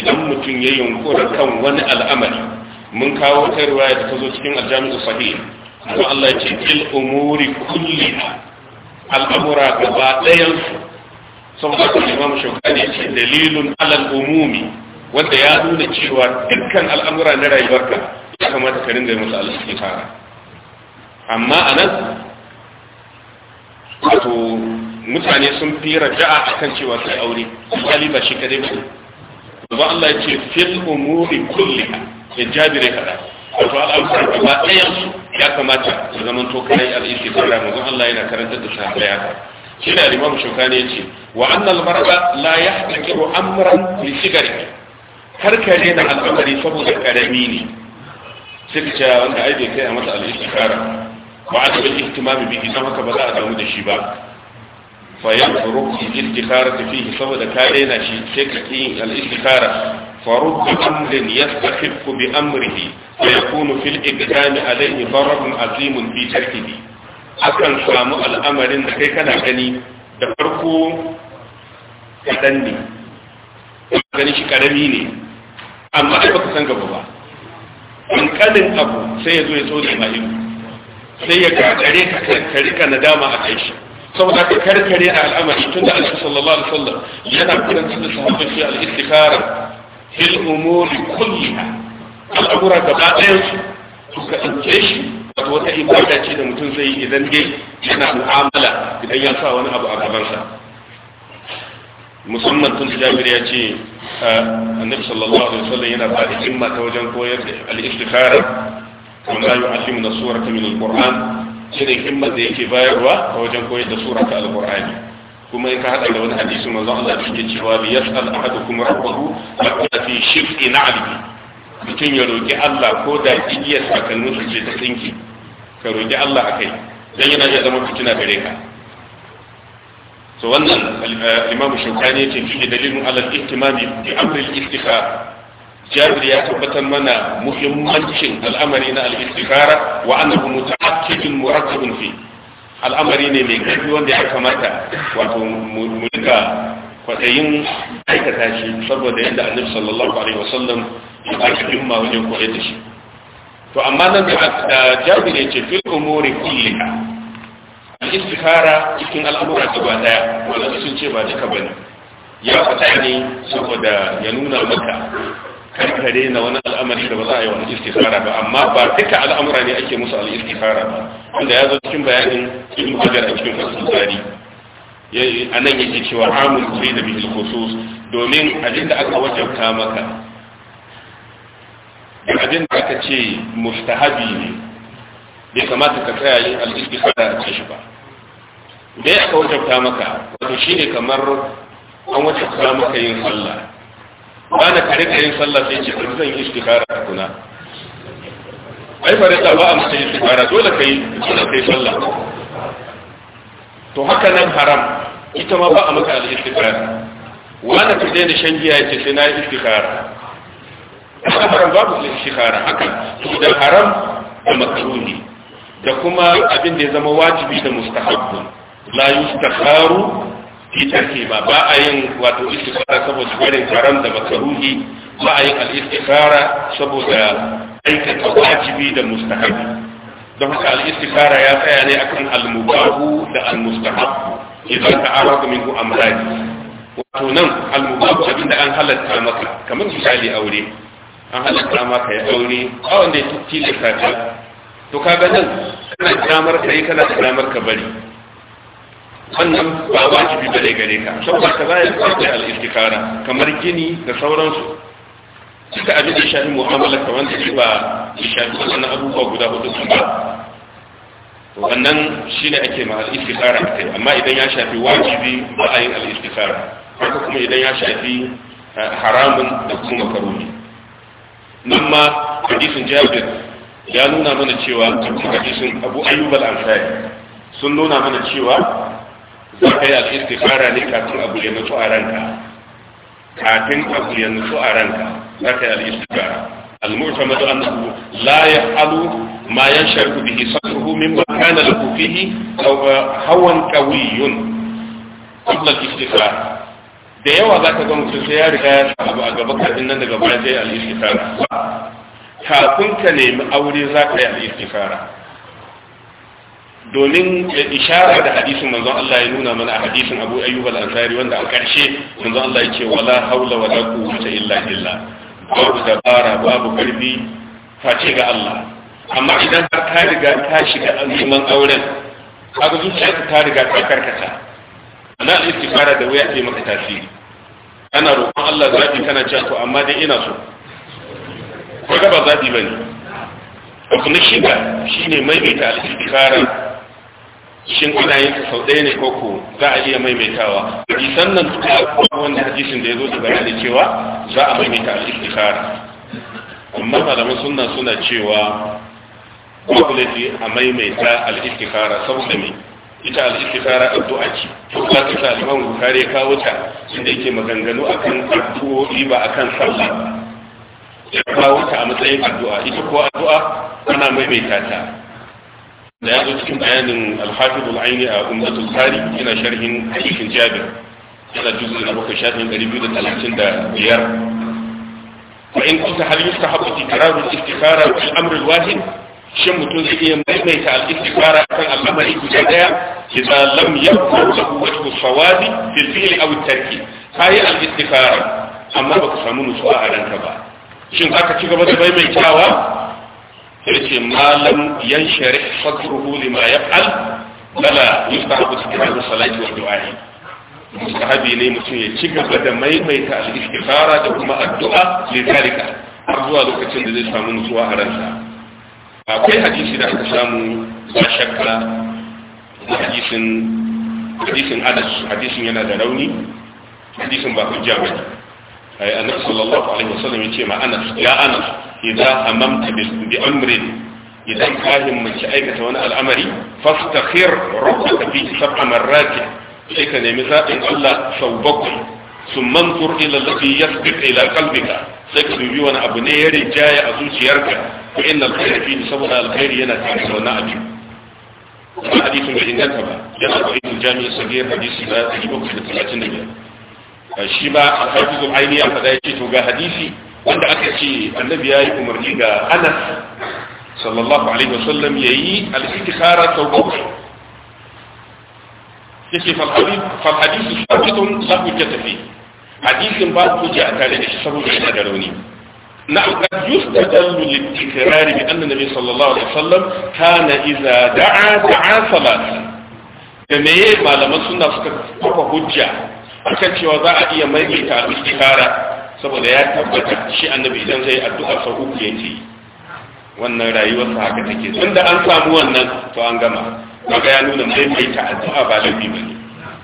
idan mutum ya yunkura kan wani al'amari mun kawo wata riwaya da ta zo cikin aljami'u sahih ko Allah ya ce il umuri kulliha al'amura gaba ɗayan saboda kuma imam shugani ce dalilun alal umumi wanda ya nuna cewa dukkan al'amura na rayuwarka ya kamata ka ringa musu fara. amma a nan wato mutane sun fi raja'a akan cewa sai aure kali ba shi kadai ba manzo Allah ya ce fil umuri kulliha ya jabire kada wato al'amuran gaba ɗayan su ya kamata su zaman to kai al'isi sai manzo Allah yana karantar da sahabbai haka shi da Imam Shukani ya ce wa annal mar'a la yahtakiru amran li sigari karkare na al'amari saboda karami ne sai ka wanda ai kai a masa al'isi kara ba a da ihtimami bi idan haka ba za a damu da shi ba fa yadru al ta fihi saboda ka daina shi sai ka yi al-istikhara فرد أمر ya kunu ويكون في الإقدام عليه ضرر عظيم في تركه akan samu al'amarin da kai kana gani da farko kaɗan ne gani shi ƙarami ne amma ai san gaba ba ƙanƙanin abu sai ya zo ya so da sai ya gagare ka nadama a kai shi saboda ka karkare na al'amari tun da alaihi sallallahu alaihi wasallam yana kiran su da sahabbai fi al-istikhara fil umuri kulliha al'amura gaba ɗayan su ka ɗauke shi wato wata ibada ce da mutum zai yi idan dai yana mu'amala idan ya sa wani abu a gabansa musamman tun jabir ya ce annabi sallallahu alaihi wasallam yana ba da himma ta wajen koyar da al-istikhara kuma la yu'allimu nasurata min al-qur'an irin himmar da yake bayarwa a wajen koyar da surata alqur'ani kuma in ka hada da wani hadisi manzon Allah da yake cewa bi yas'al ahadukum rabbahu kuma fi shif'i Alibi. mutum ya roki Allah ko da igiyar sakannin su ce ta tsinki ka roki Allah akai dan yana iya zama fitina gare ka to wannan eh, imamu shukani yake fi dalilin alal ihtimami bi amri al-istikhara jabir ya tabbatar mana muhimmancin al'amari na al-istikhara wa annahu muta'akkidun murakkabun fi al'amari ne mai karfi wanda ya kamata wato mu rika kwadayin aikata shi saboda yadda annabi sallallahu alaihi wasallam ya aka himma wajen koyar da shi to amma nan da jabir ya ce fil umuri kulliha al-istikhara cikin al'amura daya wanda sun ce ba duka ya fata saboda ya nuna mata. karkare na wani al'amari da ba za a yi wani istikhara ba amma ba duka al'amura ne ake musu al'istikhara ba wanda ya zo cikin bayanin ilmu hajar a cikin fasul tsari a nan yake cewa amul kuri da bihil khusus domin abin da aka wajabta maka abin da aka ce mustahabi ne bai kamata ka tsaya yin al'istikhara a cikin shi ba da ya aka wajabta maka wato shine kamar an wajabta maka yin sallah Ba bana kare ka yin sallah sai ce bari zan yi istikhara kuna ai ta ba amsa istikhara dole kai dole kai sallah to haka nan haram ita ma ba a maka al-istikhara wani ka daina shan giya ya ce sai na yi istikhara haka haram babu istikhara haka to da haram da makaruni da kuma abin da ya zama wajibi da mustahabbun la yustakharu ita ke ba ba a yin wato istikara saboda barin karam da makaruhi ba a yin al'istikara saboda aikata wajibi da mustahab don haka al'istikara ya tsaya ne akan almubahu da almustahab idan ta araka minhu amrani wato nan almubahu abinda an halatta maka kamar misali aure an halatta maka ya aure a wanda ya tilasta to kaga nan kana damar kai kana damar ka bari wannan ba wajibi ba ne gare ka saboda ka zai kwanci al-istikara kamar gini da sauransu duka abin da shafi mu'amala kamar da ba shafi wannan abubuwa guda hudu su ba wannan shi ne ake ma al-istikara kai amma idan ya shafi wajibi ba a yin al-istikara haka kuma idan ya shafi eh, haramun da kuma makaroni nan ma hadisin jabir ya nuna mana cewa hadisin abu ayyub al-ansari sun nuna mana cewa za ka yi al'istikhara ne kafin abu ya nutsu a ranka kafin abu ya nutsu a ranka za ka yi al'istikhara al-mu'tamadu annahu la ya'alu ma yansharku bihi sadruhu mimma hawan qawiyyun qabla al da yawa za ka ga mutum sai ya riga ya abu a gaba kafin nan daga baya sai al kafin ka nemi aure za ka yi al domin da ishara da hadisin manzon Allah ya nuna mana a hadisin Abu Ayyub al-Ansari wanda a ƙarshe manzon Allah ya wala haula wala quwwata illa billah babu dabara babu karfi face ga Allah amma idan har ka riga ka shiga neman auren kaga zuciyarka ta riga ta karkata ana istifara da waya ce maka tasiri ana roƙon Allah zabi kana cewa to amma dai ina so ko ba zabi bane abu na shiga mai maimaita al-istifara shin kuna yin ta sau ɗaya ne ko ku za a iya maimaitawa hadisan nan duka wani hadisin da ya zo da bayani cewa za a maimaita al-istikhara amma malaman suna suna cewa babu laifi a maimaita al-istikhara saboda me ita al-istikhara addu'a ce to ka ta saliman bukari kawo ta inda yake maganganu akan addu'o'i ba akan sallah ya kawo ta a matsayin addu'a ita ko addu'a ana maimaita ta da ya zo cikin bayanin alhafizul aini a umdatul kari yana sharhin hadisin jabir yana juzu na bakwai shafin ɗari biyu da talatin da biyar wa in kunta hal yustahabu tikrarul istikhara fi amrul wahid shin mutum zai iya maimaita al-istikhara kan al'amari guda daya idza lam yakun lahu wajhu sawabi fil fi'li aw at-tarki kai al-istikhara amma baka samu nutsuwa a ranka ba shin aka ci gaba da maimaitawa yace malam yanshari sadruhu lima yaf'al bala yustahabu istighfaru salati wa du'a'i mustahabi ne mutum ya ci gaba da maimaita al-istighfara da kuma addu'a lidalika har zuwa lokacin da zai samu nutsuwa a ransa akwai hadisi da aka samu ba shakka hadisin hadisin hadisin yana da rauni hadisin ba hujja bane ai annabi sallallahu alaihi wasallam yace ma anas ya anas idan amamta bi amrin idan ka himmanci aikata wani al'amari fastakhir rabbaka fi sab'a marrati sai ka nemi zaɓin Allah sau bakwai sun mantur ila lafi yasbir ila qalbika sai ka dubi wani abu ne ya rijaya a zuciyarka ko inna alkhairi fi saboda alkhairi yana tare da wani abu ba hadisin bai inganta ba yana da aikin jami'a sagir hadisi na 335 shi ba alhaifizul aini ya faɗa ya ce to ga hadisi wanda aka ce annabi ya yi umarni ga anas sallallahu alaihi wasallam ya yi al'itikara sau bakwai ya ce falhadisi sabitun sabu ke tafi hadisin ba ku ji a tare da shi saboda yana da rauni na alƙad yustadallu litikirari bi annabi sallallahu alaihi wasallam kana iza da'a da'a salat da meye malaman suna suka kafa hujja akan cewa za a iya maimaita al-istikhara saboda ya tabbata shi annabi idan zai addu'a sau uku yake wannan rayuwar sa haka take tunda an samu wannan to an gama kaga ya nuna maimaita addu'a ba laifi ne.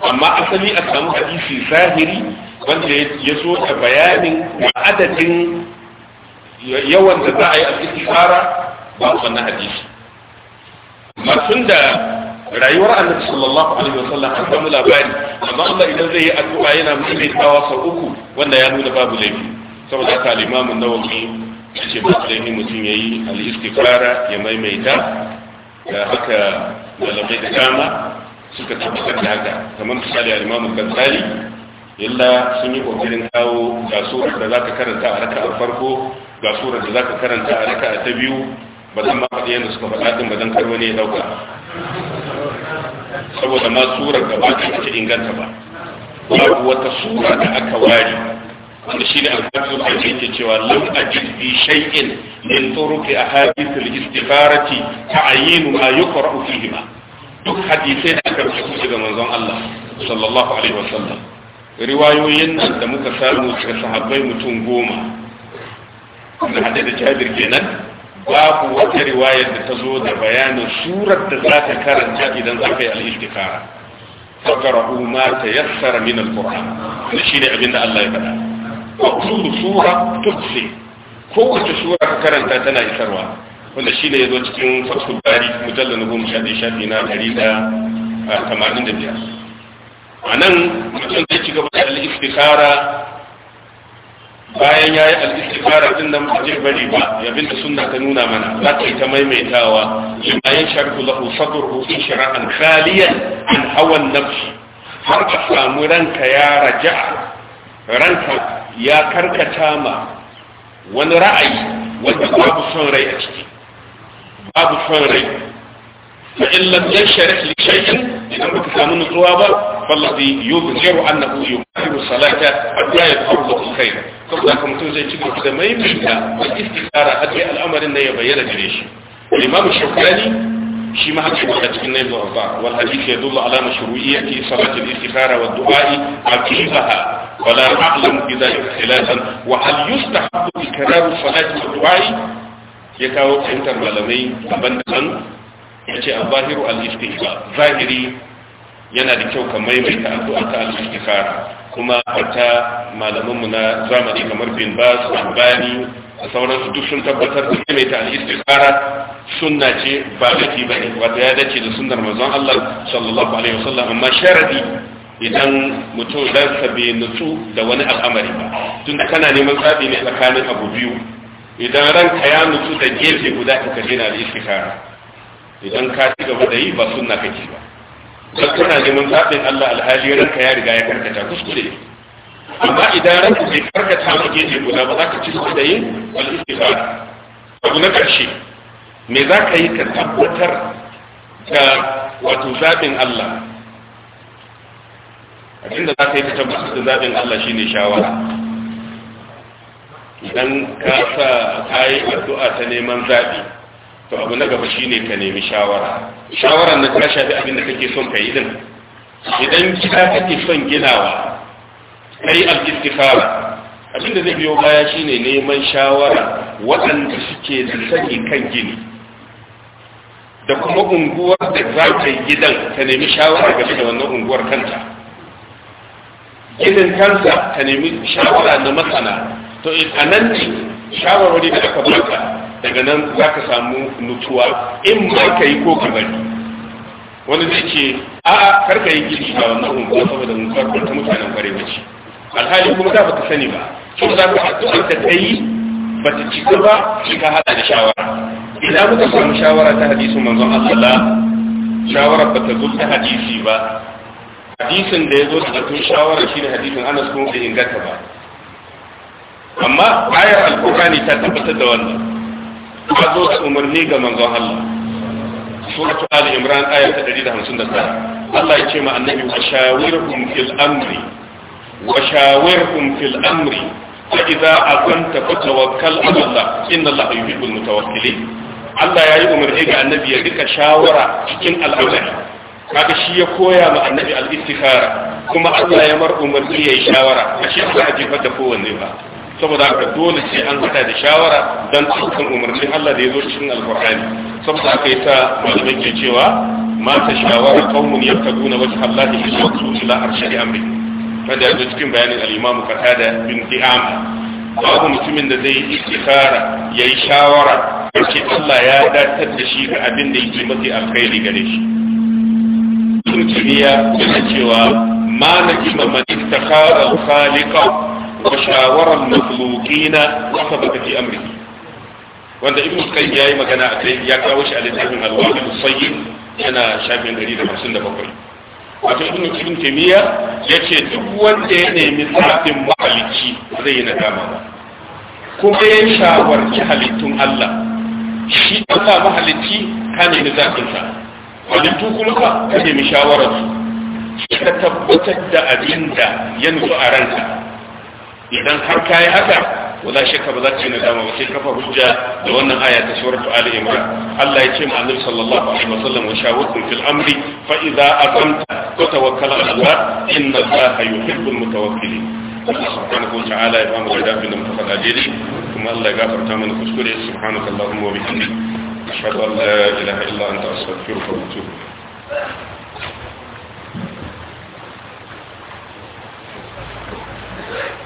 amma asali a samu hadisi zahiri wanda ya zo da bayanin adadin yawan da za a yi al-istikhara ba wannan hadisi rayuwar annabi sallallahu alaihi wasallam an samu labari amma Allah idan zai yi addu'a yana maimaitawa sau uku wanda ya nuna babu laifi saboda haka al-Imam an-Nawawi yace babu laifi mutum yayi al-istikhara ya maimaita da haka malamai da dama suka tabbatar da haka kamar misali al-Imam al-Ghazali illa sun yi kokarin kawo ga surar da zaka karanta a raka'a farko ga surar da zaka karanta a raka'a ta biyu ba zan ba faɗi yadda suka faɗa ɗin ba zan kar wani ya ɗauka saboda ma surar gaba ta ce inganta ba babu wata sura da aka wari wanda shi ne alfafin da yake cewa lam ajid bi shay'in min turuqi ahadith al-istifarati ta'yinu ma yuqra'u fihi ma duk hadisai da aka rubuta daga manzon Allah sallallahu alaihi wasallam riwayoyin nan da muka samu daga sahabbai mutum goma da hade da Jabir kenan babu wata riwayar da ta zo da bayanin surar da za ta karanta idan za ka yi al'istikara fakarahu ma ta yassara min al-qur'an da shi ne abinda Allah ya faɗa wa kullu sura tufsi kowace sura ka karanta tana isarwa wanda shi ne ya zo cikin fasul bari mujallal na goma shafi shafi na ɗari da ah, tamanin da biyar a nan mutum zai ci gaba da al'istikara bayan ya yi al'istifara din nan ba zai bari ba yabin da sunna ta nuna mana za ta yi ta maimaitawa bayan sharku lahu sadruhu in shira'an khaliyan an hawan nafsi har ka samu ranka ya raja ranka ya karkata ma wani ra'ayi wanda babu son rai a ciki babu son rai فإن لم يشرح لك شيئا إذا تتعامل سامون الروابة فالذي يظهر أنه يكفر الصلاة حتى يظهر له الخير فقد كنتم زي كده هذا ما يمشي الاستخارة أدري الأمر إنه يبين جريش الإمام الشوكاني شي ما حكي بحاجة إنه يظهر والحديث يدل على مشروعية صلاة الاستخارة والدعاء عقيبها ولا أعلم بذلك خلافا وهل يستحب إكرار صلاة الدعاء يتاوت فهمت المعلمين أبدا ya ce al-zahiru al zahiri yana da kyau ka maimaita addu'a ta al-istighfar kuma wata malaman mu na zamani kamar bin bas bani a sauran su duk sun tabbatar da maimaita al-istighfar sunna ce ba laifi bane Wata ya dace da sunnar manzon Allah sallallahu alaihi wasallam amma sharadi idan mutum ransa bai nutsu da wani al'amari ba tun da kana neman zaɓi ne tsakanin abu biyu idan ranka ya nutsu da gefe guda ka kaje na da istikara idan ka ci gaba da yi ba sunna kake ba don kana neman zaɓin Allah alhali ka ya riga ya karkata kuskure amma idan ka bai karkata ke ji guda ba za ka ci gaba da yin al-istighfar abu na ƙarshe me za ka yi ka tabbatar da wato zaɓin Allah abinda za ka yi ka tabbatar da zaɓin Allah shine shawara idan ka sa yi addu'a ta neman zaɓi to abu na gaba shine ka nemi shawara shawaran na ta shafi abin da kake son kai din idan gida kake son ginawa kai al-istikhara abin da zai biyo baya shine neman shawara waɗanda suke da sani kan gini da kuma unguwar da za ta yi gidan ka nemi shawara game da wannan unguwar kanta ginin kansa ka nemi shawara na masana to a nan ne shawarwari da aka baka daga nan za ka samu nutuwa in mai ka yi ko ka bari wani zai ce a karka yi girki ba wannan unguwa saboda unguwar ba ta mutanen kware ba ce alhali kuma za ba ka sani ba Kuma za ka addu'ar da ta yi ba ta cika ba shi ka haɗa da shawara idan muka samu shawara ta hadisin manzon Allah shawara ba ta zo ta hadisi ba hadisin da ya zo da tun shawara shine hadisin ana sun bai inganta ba amma ayar alkurani ta tabbatar da wannan ta zo da umarni ga manzon Allah suratu ali imran aya ta 159 Allah ya ce ma annabi wa shawirhum fil amri wa shawirhum fil amri fa idza aqanta fatawakkal ala Allah inna Allah yuhibbul mutawakkilin Allah ya yi umarni ga annabi ya rika shawara cikin al'amari kaga shi ya koya ma annabi al-istikhara kuma Allah ya mar umarni ya yi shawara ashe ba a jefar da kowanne ba saboda haka dole sai an hada da shawara dan cikin umarnin Allah da ya zo cikin alkur'ani saboda haka yasa malamai ke cewa ma ta shawara qaumun yabtaguna wajha Allah fi sawtu ila arshadi amri kada yazo cikin bayanin al-Imam Qatada bin Di'am babu mutumin da zai istikhara yayi shawara yace Allah ya dadar da shi ga abin da yake mafi alkhairi gare shi Ibn Taymiyyah yana cewa ma najima man istakhara khaliqahu وشاور kafa وثبت في أمره wanda ibn qayyim yayi magana a kai ya kawo shi a littafin al-wahid sayyid yana shafin 157 wato ibn ibn taymiya yace duk wanda ya nemi tsafin maliki zai yi nadama ba kuma ya shawarci halittun Allah shi Allah mahalicci ka nemi zafin sa halittu kuma ka nemi shawararsu. su ka tabbatar da abinda ya nutsu a ranka idan har kayi haka wala shakka ba za ka yi nadama ba sai kafa hujja da wannan aya ta suratul ali imran Allah ya ce ma sallallahu alaihi wasallam wa shawatu fil amri fa idza aqamta fa tawakkal ala Allah inna Allah yuhibbul mutawakkilin Allah subhanahu wa ta'ala ya bamu da bin mutafaka dai kuma Allah ya gafarta mana kuskure subhanaka allahumma wa bihamdik ashhadu an la ilaha illa anta